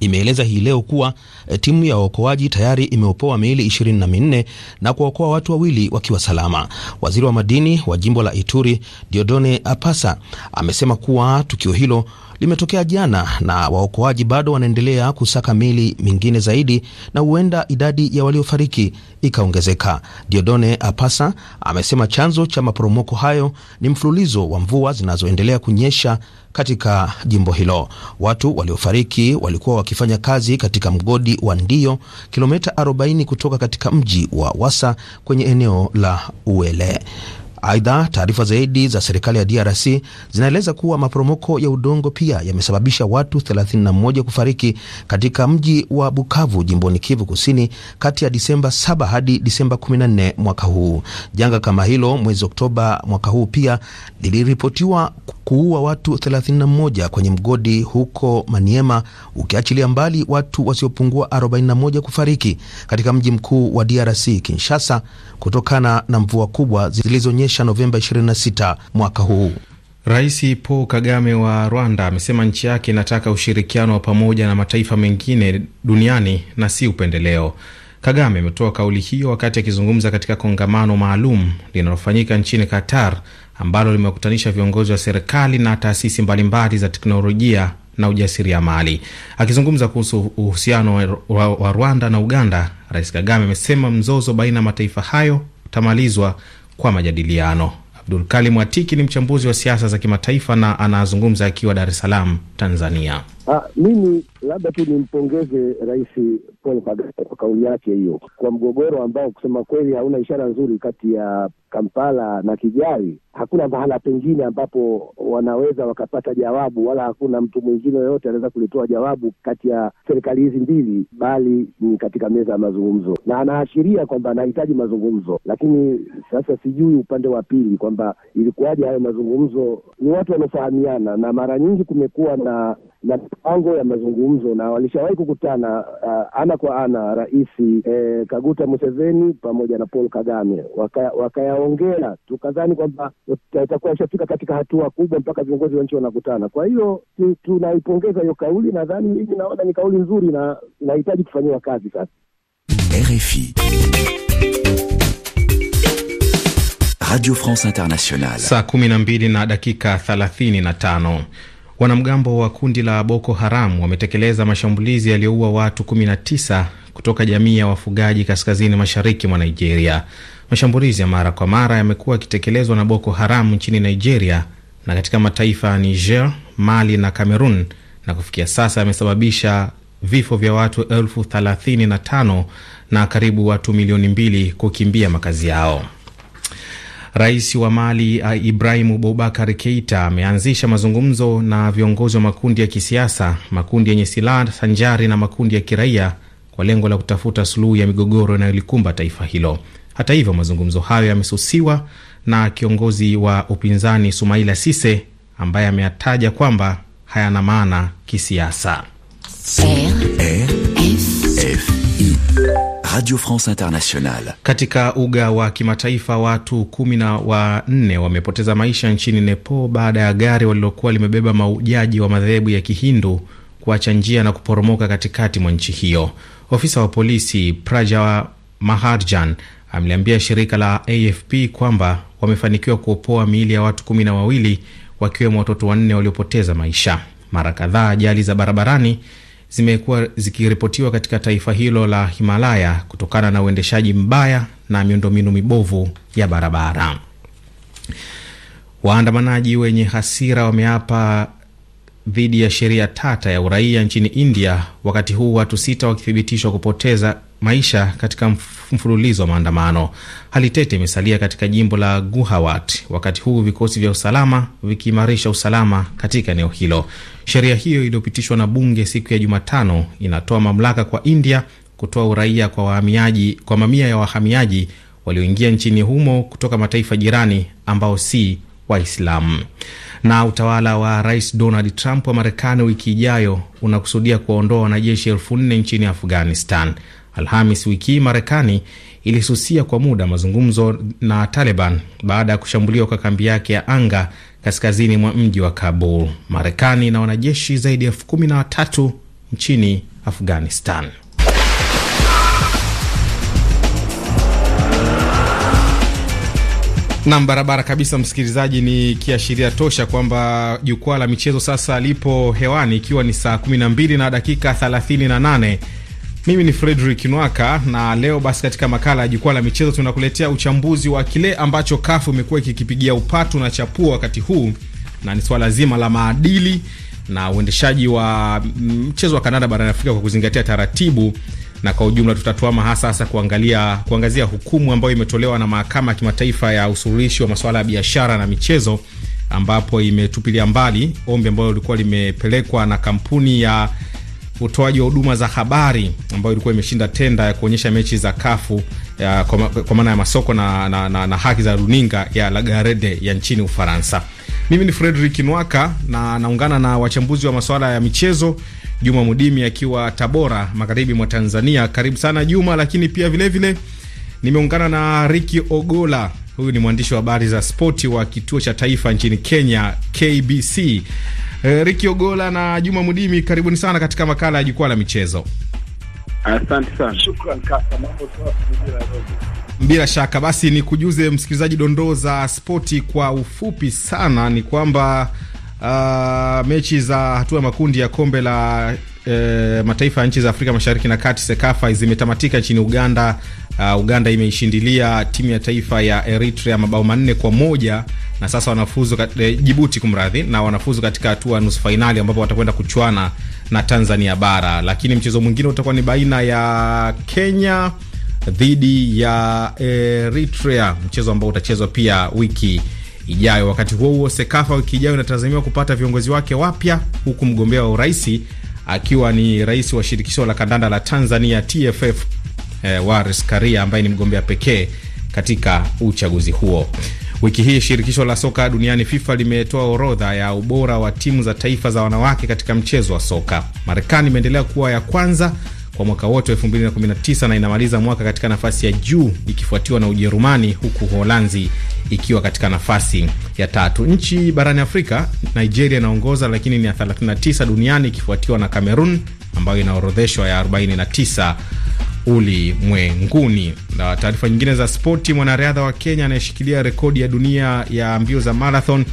imeeleza hii leo kuwa eh, timu ya waokoaji tayari imeopoa miili 24 na kuwaokoa watu wawili wakiwa salama. Waziri wa madini wa jimbo la Ituri, Diodone Apasa, amesema kuwa tukio hilo limetokea jana na waokoaji bado wanaendelea kusaka miili mingine zaidi na huenda idadi ya waliofariki ikaongezeka. Diodone Apasa amesema chanzo cha maporomoko hayo ni mfululizo wa mvua zinazoendelea kunyesha katika jimbo hilo. Watu waliofariki walikuwa wakifanya kazi katika mgodi wa Ndio, kilomita 40 kutoka katika mji wa Wasa kwenye eneo la Uele. Aidha, taarifa zaidi za serikali ya DRC zinaeleza kuwa maporomoko ya udongo pia yamesababisha watu 31 kufariki katika mji wa Bukavu jimboni Kivu Kusini kati ya Disemba 7 hadi Disemba 14 mwaka huu. Janga kama hilo mwezi Oktoba mwaka huu pia liliripotiwa kuua watu 31 kwenye mgodi huko Maniema, ukiachilia mbali watu wasiopungua 41 kufariki katika mji mkuu wa DRC Kinshasa kutokana na mvua kubwa zilizonyesha kukomesha Novemba 26 mwaka huu. Rais Paul Kagame wa Rwanda amesema nchi yake inataka ushirikiano wa pamoja na mataifa mengine duniani na si upendeleo. Kagame ametoa kauli hiyo wakati akizungumza katika kongamano maalum linalofanyika nchini Qatar ambalo limekutanisha viongozi wa serikali na taasisi mbalimbali za teknolojia na ujasiriamali. Akizungumza kuhusu uhusiano wa Rwanda na Uganda, Rais Kagame amesema mzozo baina ya mataifa hayo utamalizwa kwa majadiliano. Abdul Kalim Atiki ni mchambuzi wa siasa za kimataifa na anazungumza akiwa Dar es Salaam, Tanzania. Ah, mimi labda tu nimpongeze Rais Paul Kagame kwa kauli yake hiyo kwa mgogoro ambao kusema kweli hauna ishara nzuri kati ya Kampala na Kigali. Hakuna mahala pengine ambapo wanaweza wakapata jawabu, wala hakuna mtu mwingine yoyote anaweza kulitoa jawabu kati ya serikali hizi mbili, bali ni katika meza ya mazungumzo, na anaashiria kwamba anahitaji mazungumzo. Lakini sasa sijui upande wa pili kwamba ilikuwaje hayo mazungumzo. Ni watu wanaofahamiana, na mara nyingi kumekuwa na na mipango ya mazungumzo, na walishawahi kukutana uh, ana kwa ana rais eh, Kaguta Museveni pamoja na Paul Kagame, wakayaongea waka, tukadhani kwamba itakuwa ishafika katika hatua kubwa mpaka viongozi wa nchi wanakutana. Kwa hiyo tunaipongeza hiyo kauli, nadhani mimi naona ni kauli nzuri na inahitaji kufanyiwa kazi sasa. RFI Radio France Internationale, saa 12 na dakika tano Wanamgambo wa kundi la Boko Haram wametekeleza mashambulizi yaliyoua watu 19 kutoka jamii ya wafugaji kaskazini mashariki mwa Nigeria. Mashambulizi ya mara kwa mara yamekuwa yakitekelezwa na Boko Haram nchini Nigeria na katika mataifa ya Niger, Mali na Cameroon, na kufikia sasa yamesababisha vifo vya watu elfu thelathini na tano na karibu watu milioni mbili kukimbia makazi yao. Rais wa Mali uh, ibrahimu Boubacar Keita ameanzisha mazungumzo na viongozi wa makundi ya kisiasa, makundi yenye silaha sanjari na makundi ya kiraia kwa lengo la kutafuta suluhu ya migogoro inayolikumba taifa hilo. Hata hivyo, mazungumzo hayo yamesusiwa na kiongozi wa upinzani Sumaila Sise ambaye ameyataja kwamba hayana maana kisiasa. Radio France Internationale. Katika uga wa kimataifa, watu kumi na wanne wamepoteza maisha nchini Nepal baada ya gari walilokuwa limebeba maujaji wa madhehebu ya Kihindu kuacha njia na kuporomoka katikati mwa nchi hiyo. Ofisa wa polisi Praja Maharjan ameliambia shirika la AFP kwamba wamefanikiwa kuopoa miili ya watu kumi na wawili wakiwemo watoto wanne waliopoteza maisha. Mara kadhaa ajali za barabarani zimekuwa zikiripotiwa katika taifa hilo la Himalaya kutokana na uendeshaji mbaya na miundombinu mibovu ya barabara. Waandamanaji wenye hasira wameapa dhidi ya sheria tata ya uraia nchini India, wakati huu watu sita wakithibitishwa kupoteza maisha katika mfululizo wa maandamano. Hali tete imesalia katika jimbo la Guwahati, wakati huu vikosi vya usalama vikiimarisha usalama katika eneo hilo. Sheria hiyo iliyopitishwa na bunge siku ya Jumatano inatoa mamlaka kwa India kutoa uraia kwa wahamiaji, kwa mamia ya wahamiaji walioingia nchini humo kutoka mataifa jirani ambao si Waislamu. Na utawala wa Rais Donald Trump wa Marekani wiki ijayo unakusudia kuwaondoa wanajeshi elfu nne nchini Afghanistan. Alhamis wiki hii Marekani ilisusia kwa muda mazungumzo na Taliban baada ya kushambuliwa kwa kambi yake ya anga kaskazini mwa mji wa Kabul. Marekani na wanajeshi zaidi ya elfu kumi na watatu nchini Afghanistan. Nam barabara kabisa, msikilizaji, ni kiashiria tosha kwamba jukwaa la michezo sasa lipo hewani, ikiwa ni saa 12 na dakika 38. Mimi ni Fredrick Nwaka na leo basi, katika makala ya jukwaa la michezo tunakuletea uchambuzi wa kile ambacho kafu imekuwa ikikipigia upatu na chapua wakati huu, na ni swala zima la maadili na uendeshaji wa mchezo wa kandanda barani Afrika kwa kuzingatia taratibu na kwa ujumla tutatuama hasa hasa kuangalia, kuangazia hukumu ambayo imetolewa na mahakama ya kimataifa ya usuluhishi wa masuala ya biashara na michezo ambapo imetupilia mbali ombi ambalo lilikuwa limepelekwa na kampuni ya utoaji wa huduma za habari ambayo ilikuwa imeshinda tenda ya kuonyesha mechi za kafu ya, eh, kwa, maana ya masoko na, na, na, na haki za runinga ya Lagarede ya nchini Ufaransa. Mimi ni Fredrick Nwaka na naungana na wachambuzi wa masuala ya michezo Juma Mudimi akiwa Tabora, magharibi mwa Tanzania. Karibu sana Juma, lakini pia vilevile nimeungana na Riki Ogola. Huyu ni mwandishi wa habari za spoti wa kituo cha taifa nchini Kenya, KBC. Eh, Riki Ogola na Juma Mudimi, karibuni sana katika makala ya jukwaa la michezo. Asante sana. Shukran kaka. Bila shaka basi, ni kujuze msikilizaji dondoo za spoti kwa ufupi sana, ni kwamba uh, mechi za hatua ya makundi ya kombe la E, mataifa ya nchi za Afrika Mashariki na Kati Sekafa zimetamatika nchini Uganda. Uh, Uganda imeishindilia timu ya taifa ya Eritrea mabao manne kwa moja na sasa wanafuzu e, Jibuti kumradhi, na wanafuzu katika hatua nusu fainali ambapo watakwenda kuchuana na Tanzania bara, lakini mchezo mwingine utakuwa ni baina ya Kenya dhidi ya Eritrea, mchezo ambao utachezwa pia wiki ijayo. Wakati huo huo, Sekafa wiki ijayo inatazamiwa kupata viongozi wake wapya, huku mgombea wa uraisi akiwa ni rais wa shirikisho la kandanda la Tanzania TFF eh, Wallace Karia ambaye ni mgombea pekee katika uchaguzi huo. Wiki hii shirikisho la soka duniani FIFA limetoa orodha ya ubora wa timu za taifa za wanawake katika mchezo wa soka. Marekani imeendelea kuwa ya kwanza kwa mwaka wote 2019 na inamaliza mwaka katika nafasi ya juu ikifuatiwa na Ujerumani, huku holanzi ikiwa katika nafasi ya tatu. Nchi barani Afrika, Nigeria inaongoza lakini ni ya 39 duniani ikifuatiwa na Cameroon ambayo inaorodheshwa ya 49 ulimwenguni. Na taarifa nyingine za spoti, mwanariadha wa Kenya anayeshikilia rekodi ya dunia ya mbio za marathon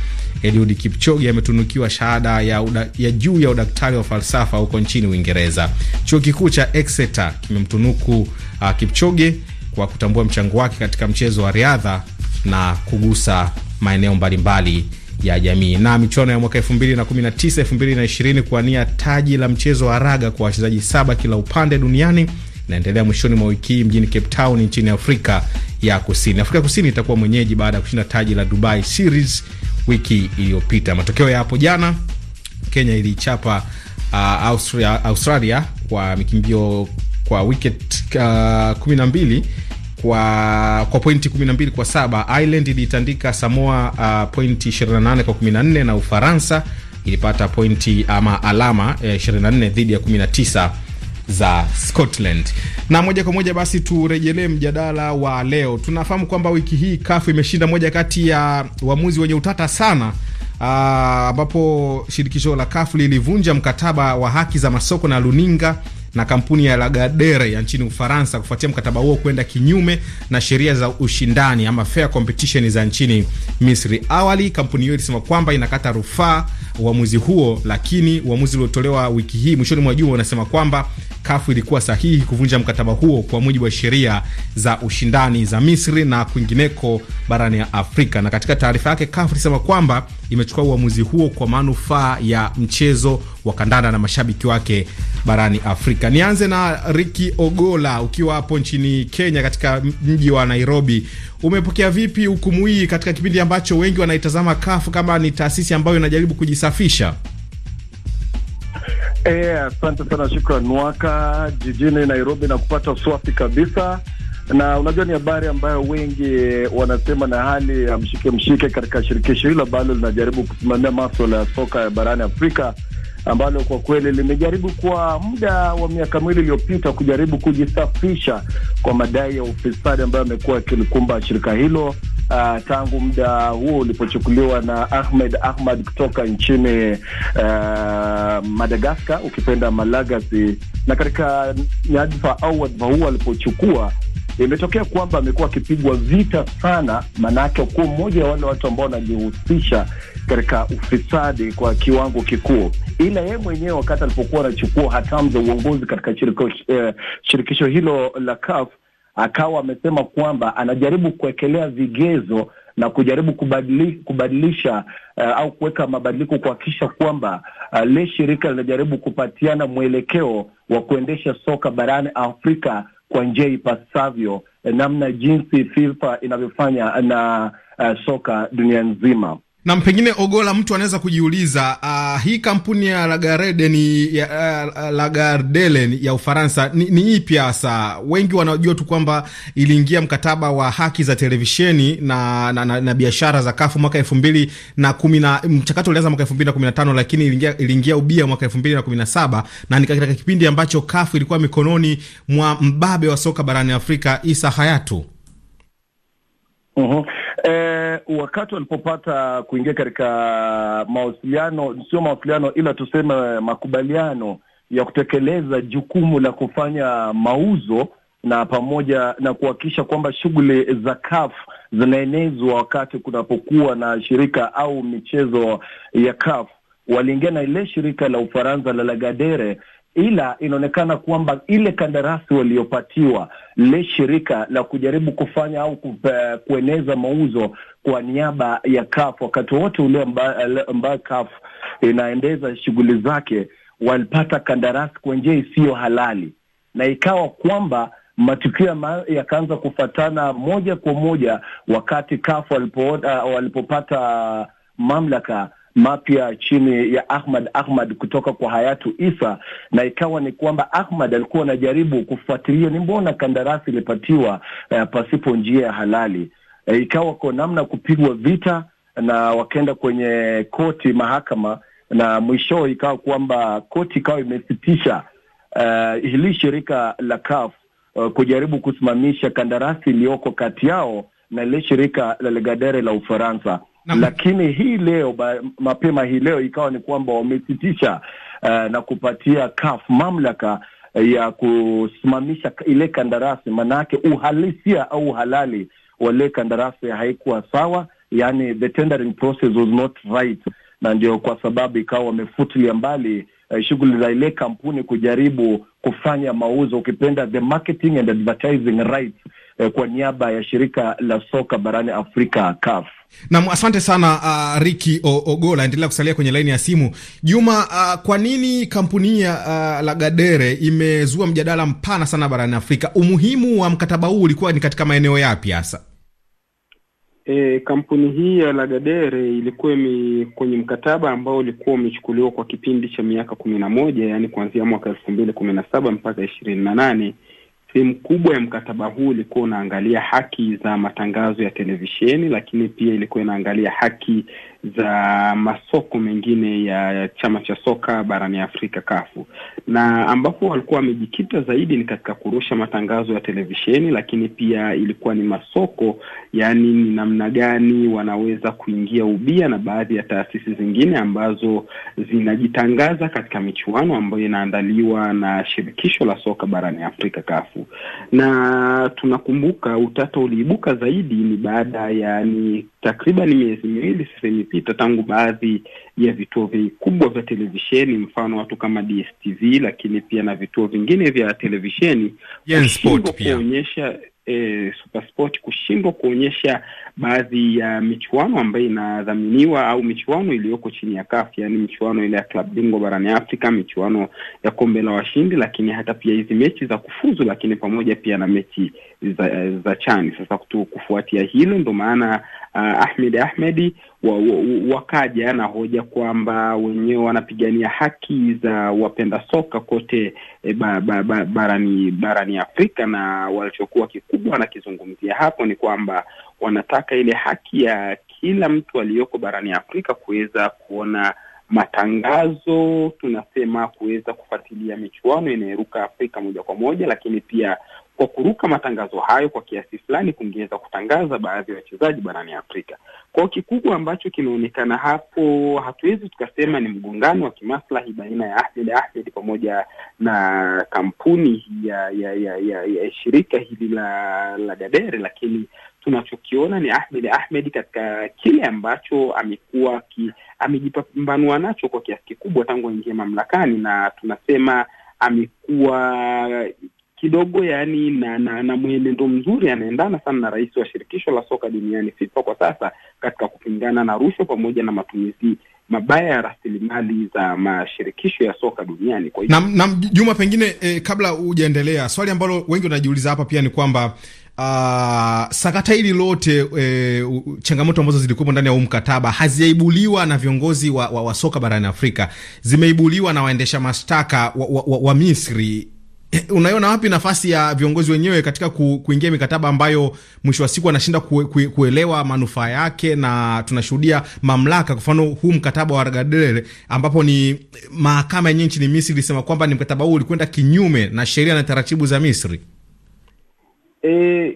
Eliud Kipchoge ametunukiwa shahada ya, uda, ya juu ya udaktari wa falsafa huko nchini Uingereza. Chuo kikuu cha Exeter kimemtunuku uh, Kipchoge kwa kutambua mchango wake katika mchezo wa riadha na kugusa maeneo mbalimbali ya jamii. Na michuano ya mwaka 2019 2020 kuania taji la mchezo wa raga kwa wachezaji saba kila upande duniani inaendelea mwishoni mwa wiki hii mjini Cape Town nchini Afrika ya Kusini. Afrika Kusini itakuwa mwenyeji baada ya kushinda taji la Dubai Series wiki iliyopita. Matokeo ya hapo jana, Kenya ilichapa uh, Austria, Australia kwa mikimbio kwa wicket uh, 12 kwa, kwa pointi 12 kwa saba. Ireland ilitandika Samoa uh, pointi 28 kwa 14 na Ufaransa ilipata pointi ama alama eh, 24 dhidi ya 19 za Scotland. Na moja kwa moja basi turejelee mjadala wa leo. Tunafahamu kwamba wiki hii kafu imeshinda moja kati ya uamuzi wenye utata sana ah, ambapo shirikisho la kafu lilivunja mkataba wa haki za masoko na luninga na kampuni ya Lagardere ya nchini Ufaransa kufuatia mkataba huo kwenda kinyume na sheria za ushindani ama fair competition za nchini Misri. Awali kampuni hiyo ilisema kwamba inakata rufaa uamuzi huo, lakini uamuzi uliotolewa wiki hii mwishoni mwa juma unasema kwamba kafu ilikuwa sahihi kuvunja mkataba huo kwa mujibu wa sheria za ushindani za Misri na kwingineko barani ya Afrika. Na katika taarifa yake kafu ilisema kwamba imechukua uamuzi huo kwa manufaa ya mchezo wa kandanda na mashabiki wake barani Afrika. Nianze na Riki Ogola, ukiwa hapo nchini Kenya katika mji wa Nairobi, umepokea vipi hukumu hii katika kipindi ambacho wengi wanaitazama kafu kama ni taasisi ambayo inajaribu kujisafisha? Eh, asante yeah, sana. Shukran mwaka jijini Nairobi na kupata swafi kabisa na unajua ni habari ambayo wengi eh, wanasema na hali ya mshike mshike katika shirikisho hilo ambalo linajaribu kusimamia maswala ya soka ya barani Afrika ambalo kwa kweli limejaribu kwa muda wa miaka miwili iliyopita kujaribu kujisafisha kwa madai ya ufisadi ambayo amekuwa akilikumba shirika hilo Uh, tangu muda huo ulipochukuliwa na Ahmed Ahmad kutoka nchini uh, Madagaskar ukipenda Malagasi, na katika nyadhifa au wadhifa huo alipochukua imetokea kwamba amekuwa akipigwa vita sana, maanake kuwa mmoja wa wale watu ambao wanajihusisha katika ufisadi kwa kiwango kikuu, ila yeye mwenyewe wakati alipokuwa anachukua hatamu za uongozi katika shiriko, eh, shirikisho hilo la CAF akawa amesema kwamba anajaribu kuwekelea vigezo na kujaribu kubadili, kubadilisha uh, au kuweka mabadiliko kuhakikisha kwamba uh, le shirika linajaribu kupatiana mwelekeo wa kuendesha soka barani Afrika kwa njia ipasavyo, eh, namna jinsi FIFA inavyofanya na uh, soka dunia nzima. Na pengine Ogola, mtu anaweza kujiuliza uh, hii kampuni ya Lagarde ni ya, uh, ah, Lagardere ya Ufaransa ni, ni ipi hasa? Wengi wanajua tu kwamba iliingia mkataba wa haki za televisheni na, na, na, na biashara za kafu mwaka elfu mbili na kumi na mchakato ulianza mwaka elfu mbili na kumi na tano lakini iliingia, iliingia ubia mwaka elfu mbili na kumi na saba na ni katika kipindi ambacho kafu ilikuwa mikononi mwa mbabe wa soka barani Afrika Isa Hayatu. Mm-hmm. E, wakati walipopata kuingia katika mawasiliano, sio mawasiliano, ila tuseme makubaliano ya kutekeleza jukumu la kufanya mauzo na pamoja na kuhakikisha kwamba shughuli za CAF zinaenezwa wakati kunapokuwa na shirika au michezo ya CAF, waliingia na ile shirika la Ufaransa la Lagadere ila inaonekana kwamba ile kandarasi waliopatiwa le shirika la kujaribu kufanya au kupe, eh, kueneza mauzo kwa niaba ya kaf wakati wote ule eh, ambayo CAF inaendeza shughuli zake, walipata kandarasi kwa njia isiyo halali, na ikawa kwamba matukio yakaanza kufatana moja kwa moja wakati CAF walipo, uh, walipopata mamlaka mapya chini ya Ahmad Ahmad kutoka kwa hayatu Isa, na ikawa ni kwamba Ahmad alikuwa anajaribu kufuatilia ni mbona kandarasi ilipatiwa eh, pasipo njia ya halali eh, ikawa kwa namna kupigwa vita na wakaenda kwenye koti mahakama, na mwisho ikawa kwamba koti ikawa imesitisha eh, hili shirika la CAF eh, kujaribu kusimamisha kandarasi iliyoko kati yao na lile shirika la Legadere la Ufaransa lakini hii leo ba, mapema hii leo ikawa ni kwamba wamesitisha uh, na kupatia CAF mamlaka eh, ya kusimamisha ile kandarasi, maanake uhalisia au uhalali wa ile kandarasi haikuwa sawa, yani the tendering process was not right, na ndio kwa sababu ikawa wamefutilia mbali uh, shughuli za ile kampuni kujaribu kufanya mauzo, ukipenda the marketing and advertising rights eh, kwa niaba ya shirika la soka barani Afrika CAF. Nam, asante sana uh, Riki Ogola, endelea kusalia kwenye laini ya simu. Juma, uh, kwa nini kampuni ya uh, Lagardere imezua mjadala mpana sana barani Afrika? Umuhimu wa mkataba huu ulikuwa ni katika maeneo yapi hasa? E, kampuni hii ya lagadere ilikuwa imi, kwenye mkataba ambao ulikuwa umechukuliwa kwa kipindi cha miaka kumi na moja yaani kuanzia mwaka elfu mbili kumi na saba mpaka ishirini na nane Sehemu kubwa ya mkataba huu ulikuwa unaangalia haki za matangazo ya televisheni, lakini pia ilikuwa inaangalia haki za masoko mengine ya chama cha soka barani Afrika kafu, na ambapo walikuwa wamejikita zaidi ni katika kurusha matangazo ya televisheni, lakini pia ilikuwa ni masoko, yaani ni namna gani wanaweza kuingia ubia na baadhi ya taasisi zingine ambazo zinajitangaza katika michuano ambayo inaandaliwa na shirikisho la soka barani Afrika kafu. Na tunakumbuka utata uliibuka zaidi ni baada yani takriban miezi miwili sasa imepita tangu baadhi ya vituo vikubwa vya televisheni mfano watu kama DSTV, lakini pia na vituo vingine vya televisheni kushindwa kuonyesha e, Supersport kushindwa kuonyesha baadhi ya michuano ambayo inadhaminiwa au michuano iliyoko chini ya CAF, yaani michuano ile ya klabu bingwa barani Afrika, michuano ya kombe la washindi, lakini hata pia hizi mechi za kufuzu, lakini pamoja pia na mechi za, za chani. Sasa kutu, kufuatia hilo ndo maana uh, Ahmed Ahmedi wakaja na hoja kwamba wenyewe wanapigania haki za wapenda soka kote e, ba, ba, ba, barani barani Afrika, na walichokuwa kikubwa wanakizungumzia hapo ni kwamba wanataka ile haki ya kila mtu aliyoko barani Afrika kuweza kuona matangazo, tunasema kuweza kufuatilia michuano inayeruka Afrika moja kwa moja, lakini pia kwa kuruka matangazo hayo kwa kiasi fulani kungeweza kutangaza baadhi ya wachezaji barani Afrika. Kwa kikubwa ambacho kinaonekana hapo, hatuwezi tukasema ni mgongano wa kimaslahi baina ya Ahmed Ahmed pamoja na kampuni ya ya ya, ya, ya shirika hili la la Dadere, lakini tunachokiona ni Ahmed Ahmed katika kile ambacho amekuwa amejipambanua nacho kwa kiasi kikubwa tangu aingie mamlakani, na tunasema amekuwa kidogo yani na na, na mwenendo mzuri anaendana sana na rais wa shirikisho la soka duniani FIFA kwa sasa katika kupingana na rushwa pamoja na matumizi mabaya ya rasilimali za mashirikisho ya soka duniani. Kwa na, na Juma, pengine eh, kabla hujaendelea, swali ambalo wengi wanajiuliza hapa pia ni kwamba Uh, sakata hili lote eh, changamoto ambazo zilikuwepo ndani ya huu mkataba hazijaibuliwa na viongozi wa, wa, wa soka barani Afrika, zimeibuliwa na waendesha mashtaka wa, wa, wa Misri. Eh, unaiona wapi nafasi ya viongozi wenyewe katika ku, kuingia mikataba ambayo mwisho wa siku anashinda ku, ku, kuelewa manufaa yake, na tunashuhudia mamlaka, kwa mfano huu mkataba wa ragadere ambapo ni eh, mahakama yenyewe nchini Misri ilisema kwamba ni mkataba huu ulikwenda kinyume na sheria na taratibu za Misri. E,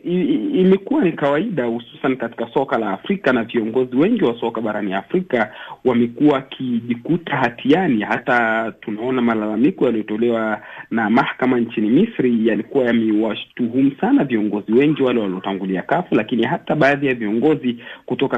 imekuwa ni kawaida hususan katika soka la Afrika na viongozi wengi wa soka barani Afrika wamekuwa wakijikuta hatiani. Hata tunaona malalamiko yaliyotolewa na mahakama nchini Misri yalikuwa yamewatuhumu sana viongozi wengi wale waliotangulia kafu, lakini hata baadhi ya viongozi kutoka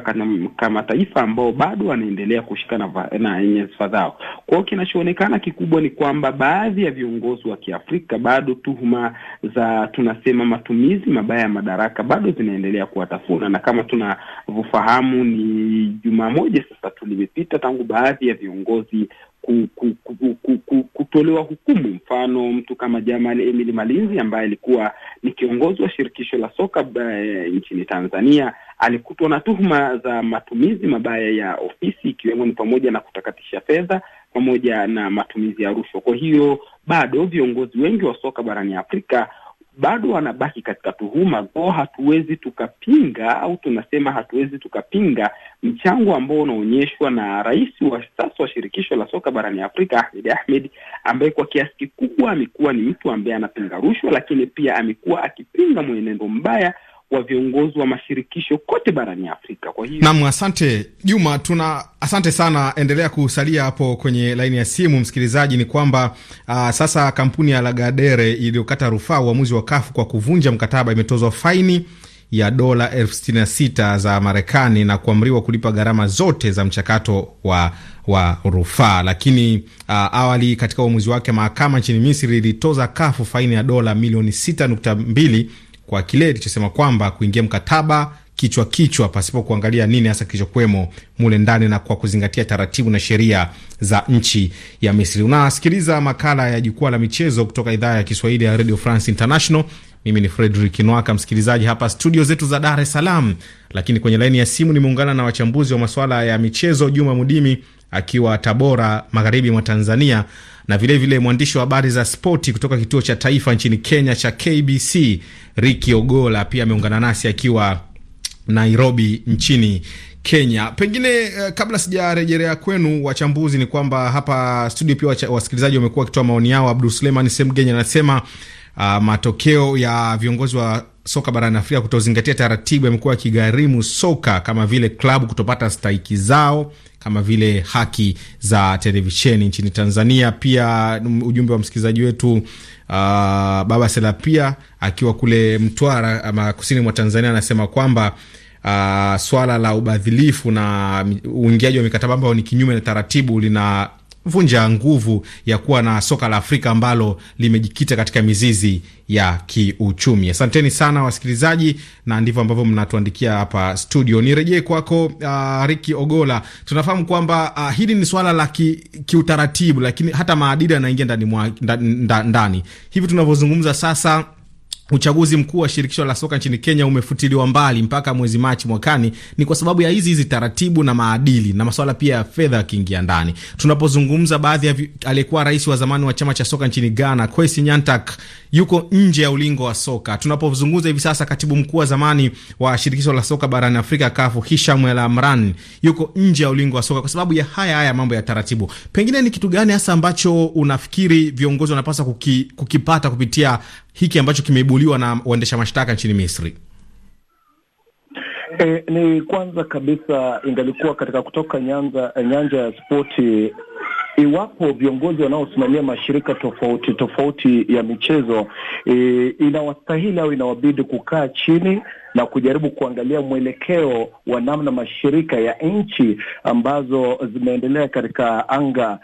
kama taifa ambao bado wanaendelea kushika na, na nyadhifa zao. Kwa hiyo kinachoonekana kikubwa ni kwamba baadhi ya viongozi wa Kiafrika bado tuhuma za tunasema matumizi matumizi mabaya ya madaraka bado zinaendelea kuwatafuna, na kama tunavyofahamu, ni juma moja sasa tulimepita tangu baadhi ya viongozi ku, ku, ku, ku, ku, kutolewa hukumu. Mfano, mtu kama Jamal Emili Malinzi ambaye alikuwa ni kiongozi wa shirikisho la soka eh, nchini Tanzania alikutwa na tuhuma za matumizi mabaya ya ofisi ikiwemo ni pamoja na kutakatisha fedha pamoja na matumizi ya rushwa. Kwa hiyo bado viongozi wengi wa soka barani Afrika bado wanabaki katika tuhuma ko hatuwezi tukapinga au tunasema hatuwezi tukapinga mchango ambao unaonyeshwa na rais wa sasa wa shirikisho la soka barani Afrika Ahmed Ahmed, ambaye kwa kiasi kikubwa amekuwa ni mtu ambaye anapinga rushwa, lakini pia amekuwa akipinga mwenendo mbaya wa viongozi wa mashirikisho kote barani Afrika. Kwa hiyo nam, asante Juma, tuna asante sana, endelea kusalia hapo kwenye laini ya simu. Msikilizaji, ni kwamba uh, sasa kampuni ya Lagadere iliyokata rufaa uamuzi wa kafu kwa kuvunja mkataba imetozwa faini ya dola elfu sitini na sita za Marekani na kuamriwa kulipa gharama zote za mchakato wa, wa rufaa. Lakini uh, awali katika uamuzi wake mahakama nchini Misri ilitoza kafu faini ya dola milioni 6.2 kwa kile ilichosema kwamba kuingia mkataba kichwa kichwa pasipo kuangalia nini hasa kilichokwemo mule ndani na kwa kuzingatia taratibu na sheria za nchi ya Misri. Unasikiliza makala ya jukwaa la michezo kutoka idhaa ya Kiswahili ya Radio France International. Mimi ni Fredrick Nwaka, msikilizaji hapa studio zetu za Dar es Salaam, lakini kwenye laini ya simu nimeungana na wachambuzi wa masuala ya michezo, Juma Mudimi akiwa Tabora, magharibi mwa Tanzania, na vilevile mwandishi wa habari za spoti kutoka kituo cha taifa nchini Kenya cha KBC Riki Ogola pia ameungana nasi akiwa Nairobi nchini Kenya. Pengine uh, kabla sijarejelea kwenu wachambuzi, ni kwamba hapa studio pia wasikilizaji wamekuwa wakitoa maoni yao. Abdul Suleiman Semgenya anasema uh, matokeo ya viongozi wa soka barani Afrika kutozingatia taratibu yamekuwa yakigharimu soka kama vile klabu kutopata stahiki zao kama vile haki za televisheni nchini Tanzania. Pia mm, ujumbe wa msikilizaji wetu Uh, Baba Selapia akiwa kule Mtwara ama kusini mwa Tanzania anasema kwamba uh, swala la ubadhilifu na uingiaji wa mikataba ambayo ni kinyume na taratibu lina vunja nguvu ya kuwa na soka la Afrika ambalo limejikita katika mizizi ya kiuchumi. Asanteni sana wasikilizaji, na ndivyo ambavyo mnatuandikia hapa studio. Nirejee kwako uh, Riki Ogola, tunafahamu kwamba uh, hili ni swala la ki, kiutaratibu, lakini hata maadili yanaingia ndani, ndani. Hivi tunavyozungumza sasa uchaguzi mkuu wa shirikisho la soka nchini Kenya umefutiliwa mbali mpaka mwezi Machi mwakani ni kwa sababu ya hizi hizi taratibu na maadili na masuala pia ya fedha yakiingia ndani. Tunapozungumza, baadhi ya aliyekuwa rais wa zamani wa chama cha soka nchini Ghana Kwesi Nyantak yuko nje ya ulingo wa soka. Tunapozungumza hivi sasa, katibu mkuu wa zamani wa shirikisho la soka barani Afrika kafu Hisham El Amran yuko nje ya ulingo wa soka kwa sababu ya haya haya mambo ya taratibu. Pengine ni kitu gani hasa ambacho unafikiri viongozi wanapaswa kuki, kukipata kupitia hiki ambacho kimeibuliwa na uendesha mashtaka nchini Misri? E, ni kwanza kabisa ingalikuwa katika kutoka nyanza, nyanja ya spoti iwapo viongozi wanaosimamia mashirika tofauti tofauti ya michezo e, inawastahili au inawabidi kukaa chini na kujaribu kuangalia mwelekeo wa namna mashirika ya nchi ambazo zimeendelea katika anga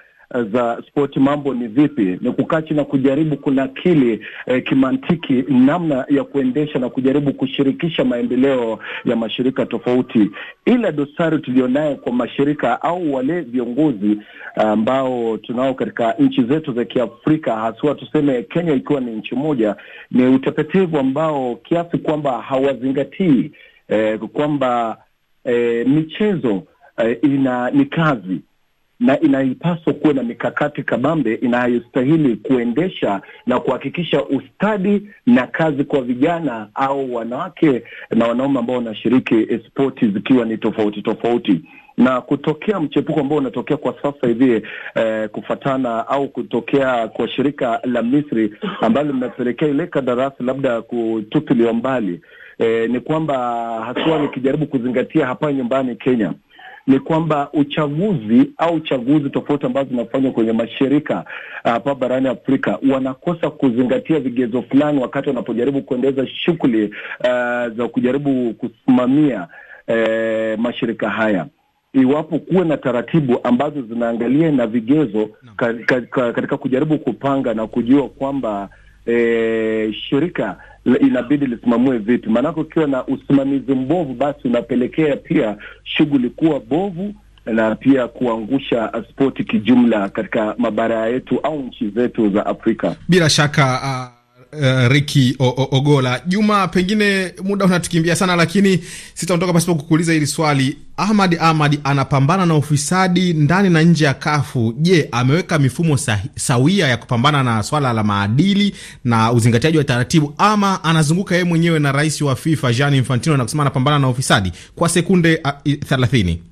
za spoti mambo ni vipi, ni kukaa chini na kujaribu kunakili eh, kimantiki namna ya kuendesha na kujaribu kushirikisha maendeleo ya mashirika tofauti. Ila dosari tuliyonayo kwa mashirika au wale viongozi eh, ambao tunao katika nchi zetu za Kiafrika, haswa tuseme Kenya ikiwa ni nchi moja, ni utepetevu ambao kiasi kwamba hawazingatii eh, kwamba eh, michezo eh, ina ni kazi na inaipaswa kuwa na mikakati kabambe inayostahili kuendesha na kuhakikisha ustadi na kazi kwa vijana au wanawake na wanaume ambao wanashiriki spoti zikiwa ni tofauti tofauti na kutokea mchepuko ambao unatokea kwa sasa hivi eh, kufatana au kutokea kwa shirika la Misri ambalo linapelekea ile kadarasi labda kutupiliwa mbali eh, ni kwamba haswa nikijaribu kuzingatia hapa nyumbani Kenya ni kwamba uchaguzi au chaguzi tofauti ambazo zinafanywa kwenye mashirika uh, hapa barani Afrika wanakosa kuzingatia vigezo fulani wakati wanapojaribu kuendeza shughuli uh, za kujaribu kusimamia uh, mashirika haya iwapo kuwe na taratibu ambazo zinaangalia na vigezo ka, ka, ka, katika kujaribu kupanga na kujua kwamba e, shirika inabidi lisimamue vitu, maanake ukiwa na usimamizi mbovu, basi unapelekea pia shughuli kuwa bovu na pia kuangusha spoti kijumla katika mabara yetu au nchi zetu za Afrika bila shaka uh... Eh, riki Ogola. Juma, pengine muda unatukimbia sana, lakini sitaondoka pasipo kukuuliza hili swali. Ahmad Ahmad anapambana na ufisadi ndani na nje ya kafu. Je, ameweka mifumo sawia ya kupambana na swala la maadili na uzingatiaji wa taratibu, ama anazunguka yeye mwenyewe na rais wa FIFA Gianni Infantino na kusema anapambana na ufisadi kwa sekunde thelathini?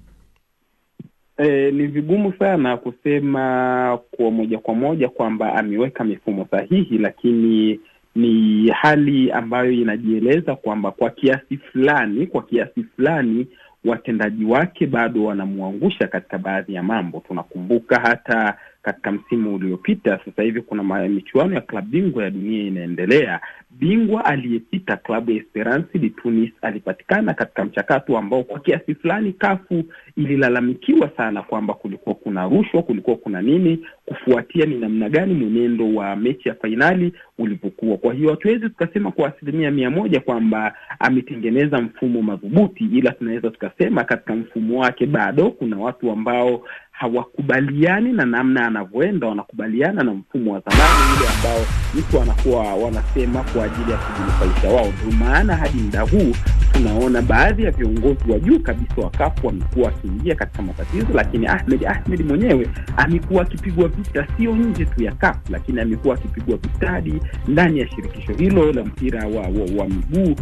E, ni vigumu sana kusema kwa moja kwa moja kwamba ameweka mifumo sahihi, lakini ni hali ambayo inajieleza kwamba kwa kiasi fulani, kwa kiasi fulani watendaji wake bado wanamwangusha katika baadhi ya mambo. Tunakumbuka hata katika msimu uliopita. Sasa hivi kuna michuano ya klabu bingwa ya dunia inaendelea. Bingwa aliyepita klabu ya esperansi de Tunis alipatikana katika mchakato ambao kwa kiasi fulani kafu ililalamikiwa sana kwamba kulikuwa kuna rushwa, kulikuwa kuna nini, kufuatia ni namna gani mwenendo wa mechi ya fainali ulivyokuwa. Kwa hiyo hatuwezi tukasema kwa asilimia mia moja kwamba ametengeneza mfumo madhubuti, ila tunaweza tukasema katika mfumo wake bado kuna watu ambao hawakubaliani na namna anavyoenda, wanakubaliana na mfumo wa zamani ule ambao mtu anakuwa wanasema kwa ajili ya kujinufaisha wao. Ndio maana hadi muda huu tunaona baadhi ya viongozi wa juu kabisa wa kafu wamekuwa wakiingia katika matatizo, lakini Ahmed Ahmed mwenyewe amekuwa akipigwa vita, sio nje tu ya kafu, lakini amekuwa akipigwa vita hadi ndani ya shirikisho hilo la mpira wa, wa, wa miguu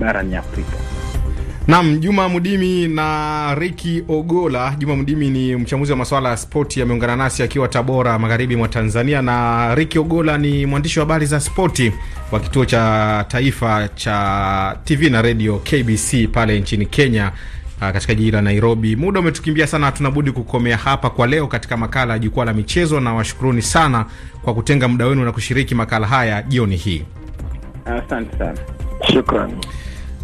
barani Afrika. Naam, Juma Mudimi na riki Ogola. Juma Mudimi ni mchambuzi wa masuala ya spoti, ameungana nasi akiwa Tabora, magharibi mwa Tanzania, na riki Ogola ni mwandishi wa habari za spoti wa kituo cha taifa cha TV na redio KBC pale nchini Kenya, ah, katika jiji la Nairobi. Muda umetukimbia sana, hatuna budi kukomea hapa kwa leo katika makala ya jukwaa la michezo, na washukuruni sana kwa kutenga muda wenu na kushiriki makala haya jioni hii. Asante sana, shukrani.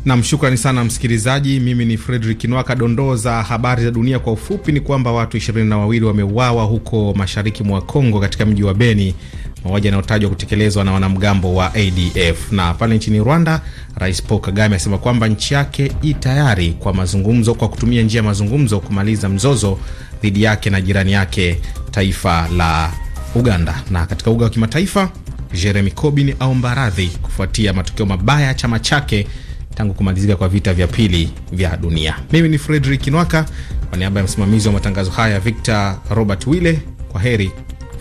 Nam, shukrani sana msikilizaji. Mimi ni Fredrik Nwaka. Dondoo za habari za dunia kwa ufupi ni kwamba watu ishirini na wawili wameuawa huko mashariki mwa congo katika mji wa Beni, mauaji yanayotajwa kutekelezwa na wanamgambo wa ADF. Na pale nchini Rwanda, Rais Paul Kagame asema kwamba nchi yake i tayari kwa mazungumzo, kwa kutumia njia ya mazungumzo kumaliza mzozo dhidi yake na jirani yake taifa la Uganda. Na katika uga wa kimataifa, Jeremy Corbyn aomba radhi kufuatia matokeo mabaya ya chama chake tangu kumalizika kwa vita vya pili vya dunia. Mimi ni Fredrik Nwaka kwa niaba ya msimamizi wa matangazo haya Victor Robert Wille, kwa heri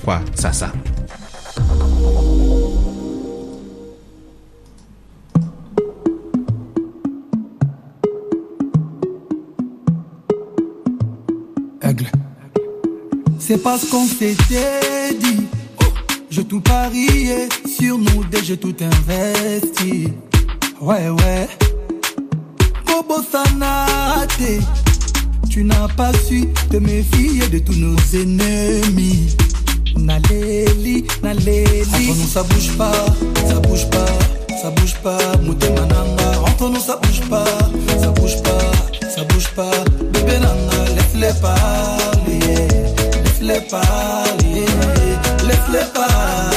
kwa sasa. C'est qu'on s'était dit. Oh, je tout sur nous dès j'ai tout investi. ouais. ouais Bobo Sanate, tu n'as pas su te méfier de tous nos ennemis. Naléli, naléli Entre nous, ça bouge pas, ça bouge pas, ça bouge pas. Mananga, entre nous, ça bouge pas, ça bouge pas, ça bouge pas. Bébé Nanga, laisse-les parler, laisse-les parler, laisse-les parler.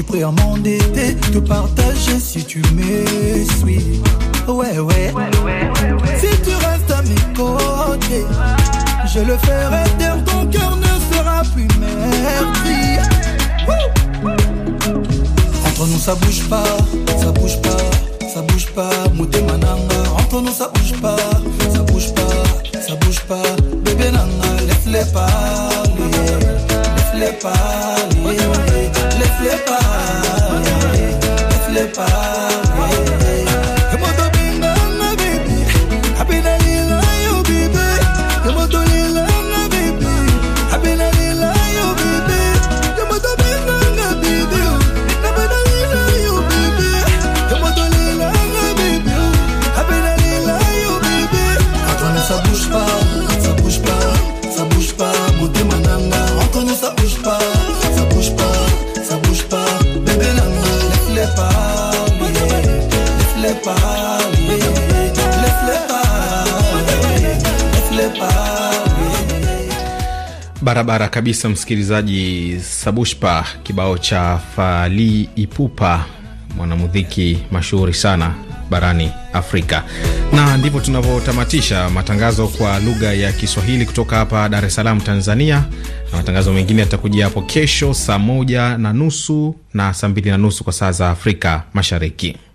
suis prêt à m'endetter, te partager si tu me suis. Ouais, ouais. Si tu restes à mes côtés, je le ferai taire, ton cœur ne sera plus merci. Entre nous, ça bouge pas, ça bouge pas, ça bouge pas, mouté mananga. Entre nous, ça bouge pas, ça bouge pas, ça bouge pas, bébé nana, laisse-les parler, laisse-les parler. flip pas, barabara kabisa, msikilizaji. Sabushpa kibao cha fali Ipupa, mwanamuziki mashuhuri sana barani Afrika. Na ndivyo tunavyotamatisha matangazo kwa lugha ya Kiswahili kutoka hapa Dar es Salaam, Tanzania, na matangazo mengine yatakujia hapo kesho saa moja na nusu na saa mbili na nusu kwa saa za Afrika Mashariki.